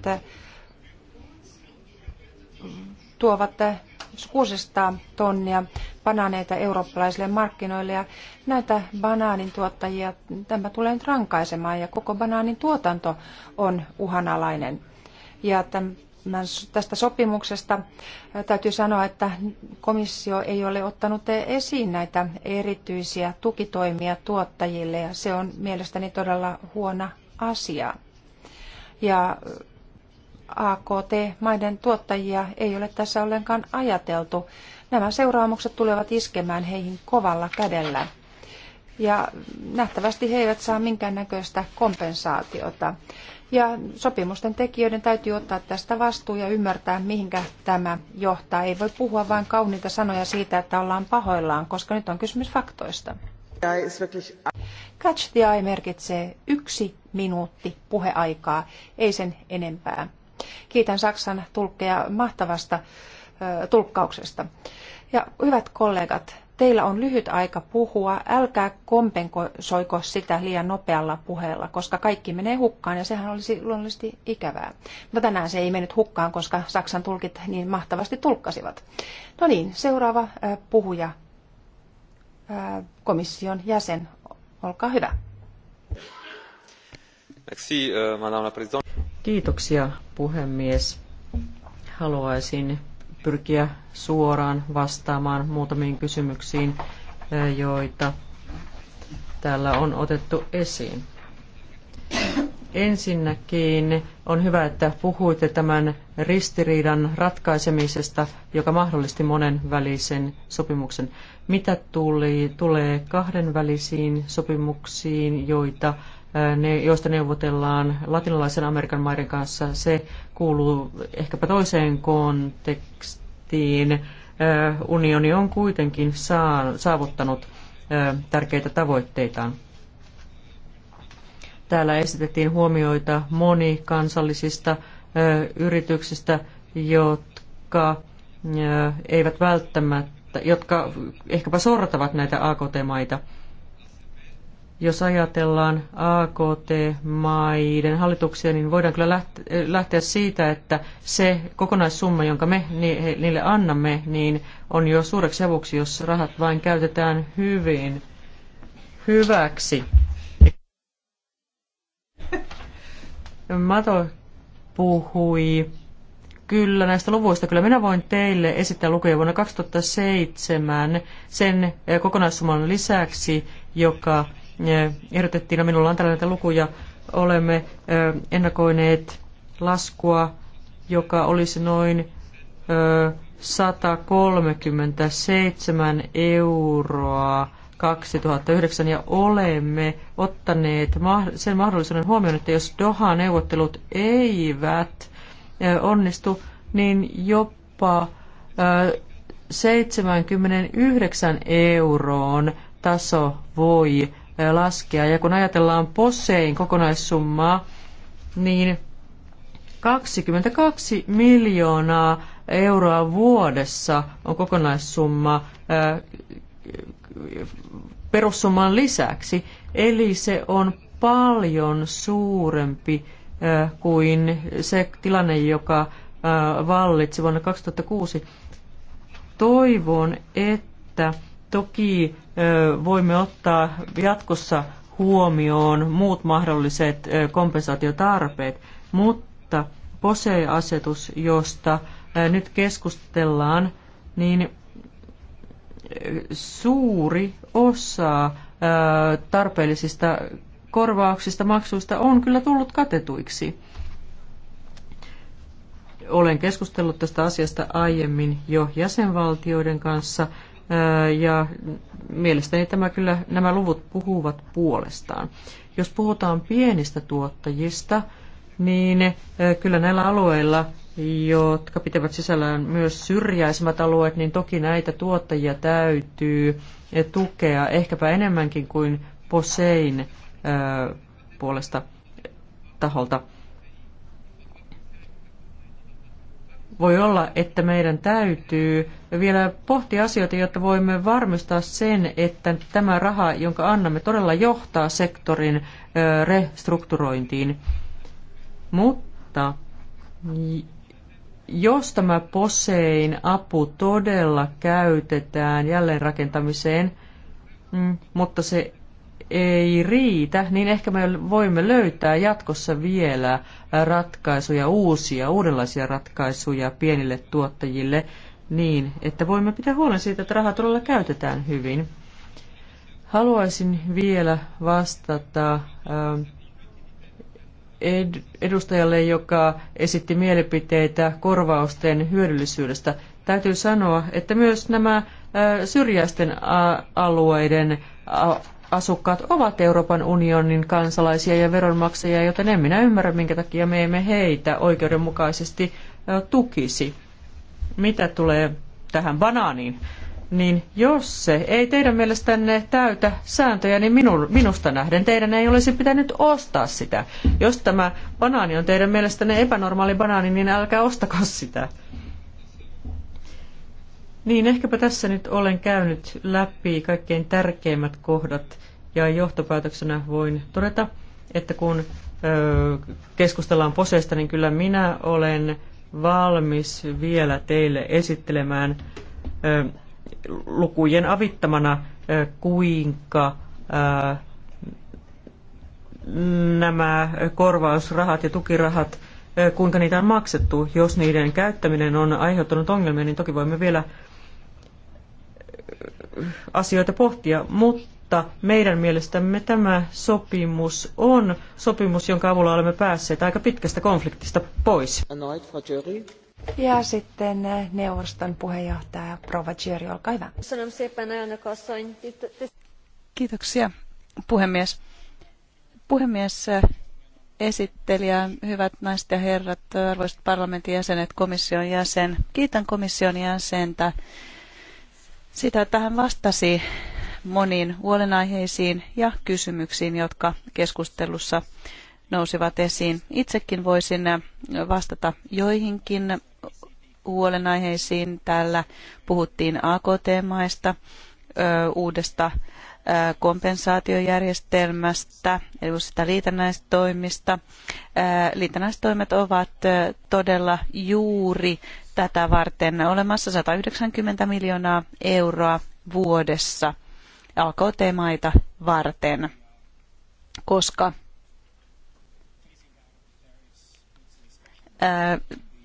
tuovat 600 tonnia banaaneita eurooppalaisille markkinoille ja näitä banaanin tuottajia tämä tulee nyt rankaisemaan ja koko banaanin tuotanto on uhanalainen ja tämän, tästä sopimuksesta täytyy sanoa, että komissio ei ole ottanut esiin näitä erityisiä tukitoimia tuottajille ja se on mielestäni todella huona asia. Ja AKT-maiden tuottajia ei ole tässä ollenkaan ajateltu. Nämä seuraamukset tulevat iskemään heihin kovalla kädellä. Ja nähtävästi he eivät saa minkäännäköistä kompensaatiota. Ja sopimusten tekijöiden täytyy ottaa tästä vastuu ja ymmärtää, mihinkä tämä johtaa. Ei voi puhua vain kauniita sanoja siitä, että ollaan pahoillaan, koska nyt on kysymys faktoista. Catch the eye merkitsee yksi minuutti puheaikaa, ei sen enempää. Kiitän Saksan tulkkeja mahtavasta tulkkauksesta. Ja hyvät kollegat, teillä on lyhyt aika puhua, älkää kompensoiko sitä liian nopealla puheella, koska kaikki menee hukkaan ja sehän olisi luonnollisesti ikävää. Mutta no tänään se ei mennyt hukkaan, koska Saksan tulkit niin mahtavasti tulkkasivat. No niin, seuraava puhuja, komission jäsen, olkaa hyvä. Kiitoksia puhemies. Haluaisin pyrkiä suoraan vastaamaan muutamiin kysymyksiin, joita täällä on otettu esiin. Ensinnäkin on hyvä, että puhuitte tämän ristiriidan ratkaisemisesta, joka mahdollisti monenvälisen sopimuksen. Mitä tuli, tulee kahdenvälisiin sopimuksiin, joita Äh, ne, joista neuvotellaan latinalaisen Amerikan maiden kanssa, se kuuluu ehkäpä toiseen kontekstiin. Äh, unioni on kuitenkin saavuttanut äh, tärkeitä tavoitteitaan. Täällä esitettiin huomioita monikansallisista yrityksistä, jotka eivät välttämättä, jotka ehkäpä sortavat näitä AKT-maita – jos ajatellaan AKT-maiden hallituksia, niin voidaan kyllä lähteä siitä, että se kokonaissumma, jonka me niille annamme, niin on jo suureksi avuksi, jos rahat vain käytetään hyvin hyväksi. Mato puhui Kyllä, näistä luvuista. Kyllä minä voin teille esittää lukuja vuonna 2007 sen eh, kokonaissumman lisäksi, joka ehdotettiin, ja no minulla on tällainen lukuja, olemme ennakoineet laskua, joka olisi noin 137 euroa 2009 ja olemme ottaneet sen mahdollisuuden huomioon, että jos Doha-neuvottelut eivät onnistu, niin jopa 79 euroon taso voi laskea. Ja kun ajatellaan POSEin kokonaissummaa, niin 22 miljoonaa euroa vuodessa on kokonaissumma perussumman lisäksi, eli se on paljon suurempi kuin se tilanne, joka vallitsi vuonna 2006. Toivon, että toki voimme ottaa jatkossa huomioon muut mahdolliset kompensaatiotarpeet, mutta POSE-asetus, josta nyt keskustellaan, niin suuri osa tarpeellisista korvauksista, maksuista on kyllä tullut katetuiksi. Olen keskustellut tästä asiasta aiemmin jo jäsenvaltioiden kanssa ja mielestäni tämä kyllä, nämä luvut puhuvat puolestaan. Jos puhutaan pienistä tuottajista, niin kyllä näillä alueilla, jotka pitävät sisällään myös syrjäisemmät alueet, niin toki näitä tuottajia täytyy tukea ehkäpä enemmänkin kuin Posein puolesta taholta. Voi olla, että meidän täytyy vielä pohtia asioita, jotta voimme varmistaa sen, että tämä raha, jonka annamme, todella johtaa sektorin restrukturointiin. Mutta jos tämä posein apu todella käytetään jälleenrakentamiseen, mm, mutta se ei riitä, niin ehkä me voimme löytää jatkossa vielä ratkaisuja, uusia, uudenlaisia ratkaisuja pienille tuottajille niin, että voimme pitää huolen siitä, että rahaa todella käytetään hyvin. Haluaisin vielä vastata ähm, edustajalle, joka esitti mielipiteitä korvausten hyödyllisyydestä. Täytyy sanoa, että myös nämä äh, syrjäisten alueiden asukkaat ovat Euroopan unionin kansalaisia ja veronmaksajia, joten en minä ymmärrä, minkä takia me emme heitä oikeudenmukaisesti tukisi. Mitä tulee tähän banaaniin, niin jos se ei teidän mielestänne täytä sääntöjä, niin minu, minusta nähden teidän ei olisi pitänyt ostaa sitä. Jos tämä banaani on teidän mielestänne epänormaali banaani, niin älkää ostako sitä. Niin, ehkäpä tässä nyt olen käynyt läpi kaikkein tärkeimmät kohdat ja johtopäätöksenä voin todeta, että kun keskustellaan poseista, niin kyllä minä olen valmis vielä teille esittelemään lukujen avittamana, kuinka nämä korvausrahat ja tukirahat, kuinka niitä on maksettu. Jos niiden käyttäminen on aiheuttanut ongelmia, niin toki voimme vielä asioita pohtia, mutta meidän mielestämme tämä sopimus on sopimus, jonka avulla olemme päässeet aika pitkästä konfliktista pois. Ja sitten eh, neuvoston puheenjohtaja Prova Gieri, olkaa hyvä. Kiitoksia puhemies. Puhemies, eh, esittelijä, hyvät naiset ja herrat, arvoisat parlamentin jäsenet, komission jäsen. Kiitän komission jäsentä sitä, että hän vastasi moniin huolenaiheisiin ja kysymyksiin, jotka keskustelussa nousivat esiin. Itsekin voisin vastata joihinkin huolenaiheisiin. Täällä puhuttiin AKT-maista, uudesta kompensaatiojärjestelmästä, eli uusista liitännäistoimista. Liitännäistoimet ovat todella juuri tätä varten olemassa 190 miljoonaa euroa vuodessa AKT-maita varten, koska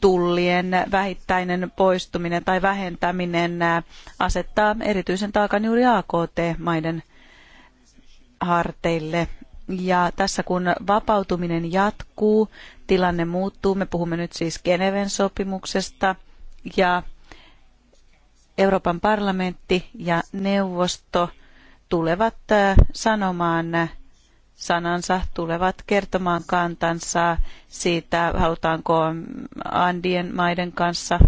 tullien vähittäinen poistuminen tai vähentäminen asettaa erityisen taakan juuri AKT-maiden harteille. Ja tässä kun vapautuminen jatkuu, tilanne muuttuu. Me puhumme nyt siis Geneven sopimuksesta ja Euroopan parlamentti ja neuvosto tulevat sanomaan sanansa, tulevat kertomaan kantansa siitä, halutaanko Andien maiden kanssa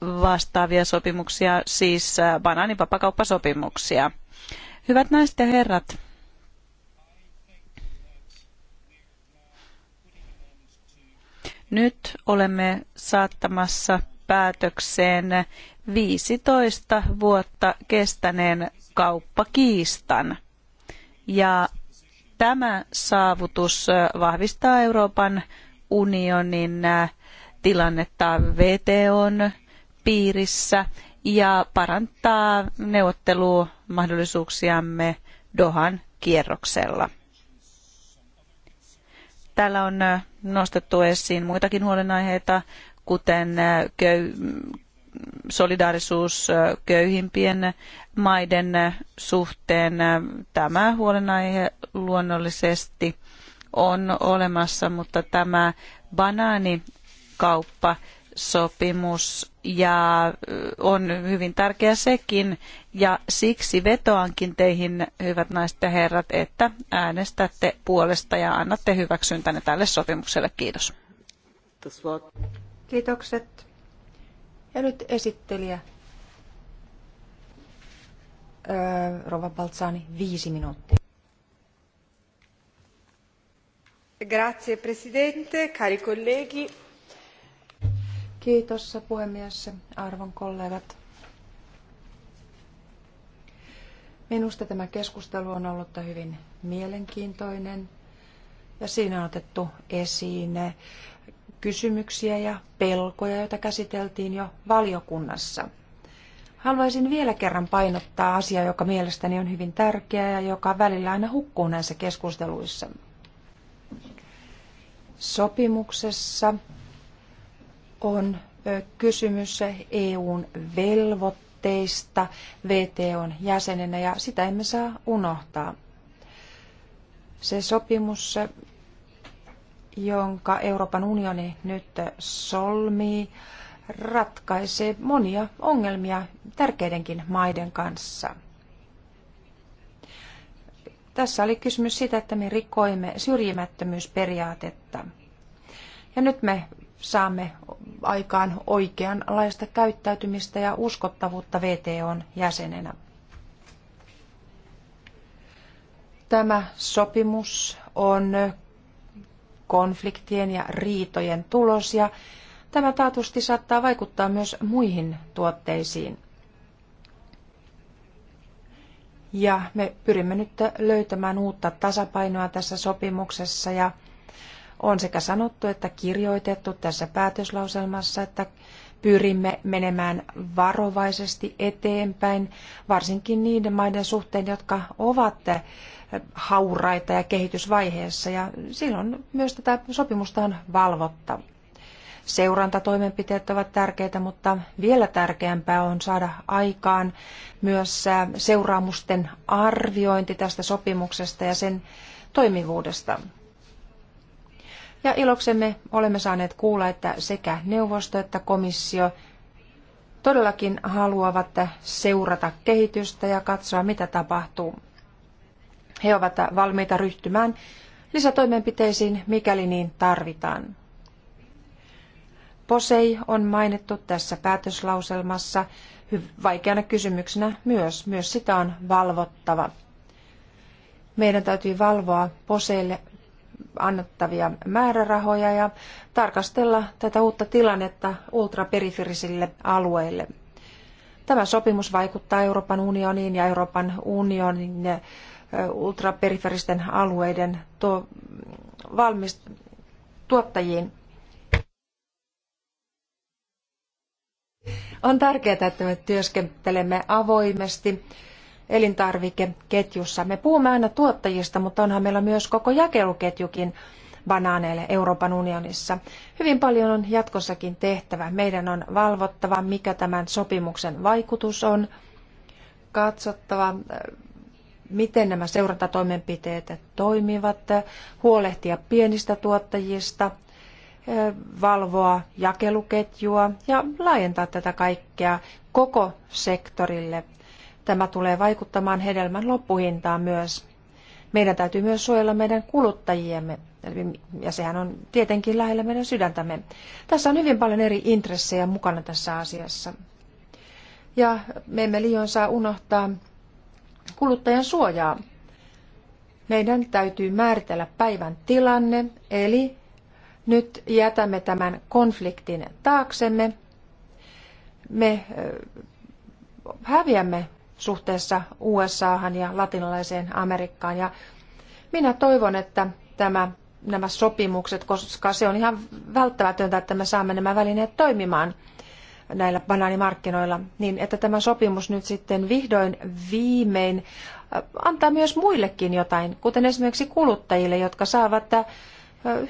vastaavia sopimuksia, siis banaanivapakauppasopimuksia. Hyvät naiset ja herrat, nyt olemme saattamassa päätökseen 15 vuotta kestäneen kauppakiistan. Ja tämä saavutus äh, vahvistaa Euroopan unionin äh, tilannetta VTOn piirissä ja parantaa neuvottelumahdollisuuksiamme Dohan kierroksella. Täällä on äh, nostettu esiin muitakin huolenaiheita, kuten solidaarisuus köyhimpien maiden suhteen. Tämä huolenaihe luonnollisesti on olemassa, mutta tämä banaanikauppa sopimus ja on hyvin tärkeä sekin ja siksi vetoankin teihin hyvät naiset ja herrat, että äänestätte puolesta ja annatte hyväksyntänne tälle sopimukselle. Kiitos. Kiitokset. Ja nyt esittelijä öö, Rova Baltsani, viisi minuuttia. Grazie presidente, cari colleghi. Kiitos puhemies, arvon kollegat. Minusta tämä keskustelu on ollut hyvin mielenkiintoinen ja siinä on otettu esiin kysymyksiä ja pelkoja, joita käsiteltiin jo valiokunnassa. Haluaisin vielä kerran painottaa asiaa, joka mielestäni on hyvin tärkeä ja joka välillä aina hukkuu näissä keskusteluissa. Sopimuksessa on kysymys EUn velvoitteista VTOn jäsenenä ja sitä emme saa unohtaa. Se sopimus jonka Euroopan unioni nyt solmii, ratkaisee monia ongelmia tärkeidenkin maiden kanssa. Tässä oli kysymys siitä, että me rikoimme syrjimättömyysperiaatetta. Ja nyt me saamme aikaan oikeanlaista käyttäytymistä ja uskottavuutta VTOn jäsenenä. Tämä sopimus on konfliktien ja riitojen tulos ja tämä taatusti saattaa vaikuttaa myös muihin tuotteisiin. Ja me pyrimme nyt löytämään uutta tasapainoa tässä sopimuksessa ja on sekä sanottu että kirjoitettu tässä päätöslauselmassa, että pyrimme menemään varovaisesti eteenpäin, varsinkin niiden maiden suhteen, jotka ovat hauraita ja kehitysvaiheessa. Ja silloin myös tätä sopimusta on valvottava. Seurantatoimenpiteet ovat tärkeitä, mutta vielä tärkeämpää on saada aikaan myös seuraamusten arviointi tästä sopimuksesta ja sen toimivuudesta. Ja iloksemme olemme saaneet kuulla, että sekä neuvosto että komissio todellakin haluavat seurata kehitystä ja katsoa, mitä tapahtuu. He ovat valmiita ryhtymään lisätoimenpiteisiin, mikäli niin tarvitaan. POSEI on mainittu tässä päätöslauselmassa vaikeana kysymyksenä myös. Myös sitä on valvottava. Meidän täytyy valvoa POSEille annettavia määrärahoja ja tarkastella tätä uutta tilannetta ultraperiferisille alueille. Tämä sopimus vaikuttaa Euroopan unioniin ja Euroopan unionin eh, ultraperiferisten alueiden valmist, tuottajiin. On tärkeää, että me työskentelemme avoimesti elintarvikeketjussa. Me puhumme aina tuottajista, mutta onhan meillä myös koko jakeluketjukin banaaneille Euroopan unionissa. Hyvin paljon on jatkossakin tehtävä. Meidän on valvottava, mikä tämän sopimuksen vaikutus on, katsottava, eh, miten nämä seurantatoimenpiteet toimivat, huolehtia pienistä tuottajista, eh, valvoa jakeluketjua ja laajentaa tätä kaikkea koko sektorille – Tämä tulee vaikuttamaan hedelmän loppuhintaan myös. Meidän täytyy myös suojella meidän kuluttajiemme, ja sehän on tietenkin lähellä meidän sydäntämme. Tässä on hyvin paljon eri intressejä mukana tässä asiassa. Ja me emme liioin saa unohtaa kuluttajan suojaa. Meidän täytyy määritellä päivän tilanne, eli nyt jätämme tämän konfliktin taaksemme. Me häviämme suhteessa USAhan ja latinalaiseen Amerikkaan. Ja minä toivon, että tämä, nämä sopimukset, koska se on ihan välttämätöntä, että me saamme nämä välineet toimimaan näillä banaanimarkkinoilla, niin että tämä sopimus nyt sitten vihdoin viimein äh, antaa myös muillekin jotain, kuten esimerkiksi kuluttajille, jotka saavat äh,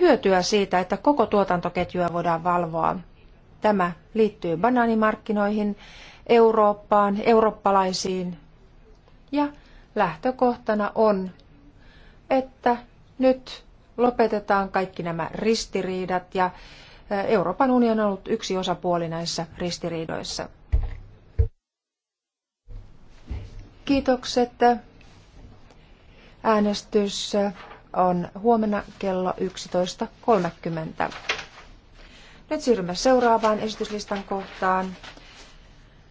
hyötyä siitä, että koko tuotantoketjua voidaan valvoa. Tämä liittyy banaanimarkkinoihin Eurooppaan, eurooppalaisiin. Ja lähtökohtana on, että nyt lopetetaan kaikki nämä ristiriidat ja Euroopan unioni on ollut yksi osapuoli näissä ristiriidoissa. Kiitokset. Äänestys on huomenna kello 11.30. Nyt siirrymme seuraavaan esityslistan kohtaan.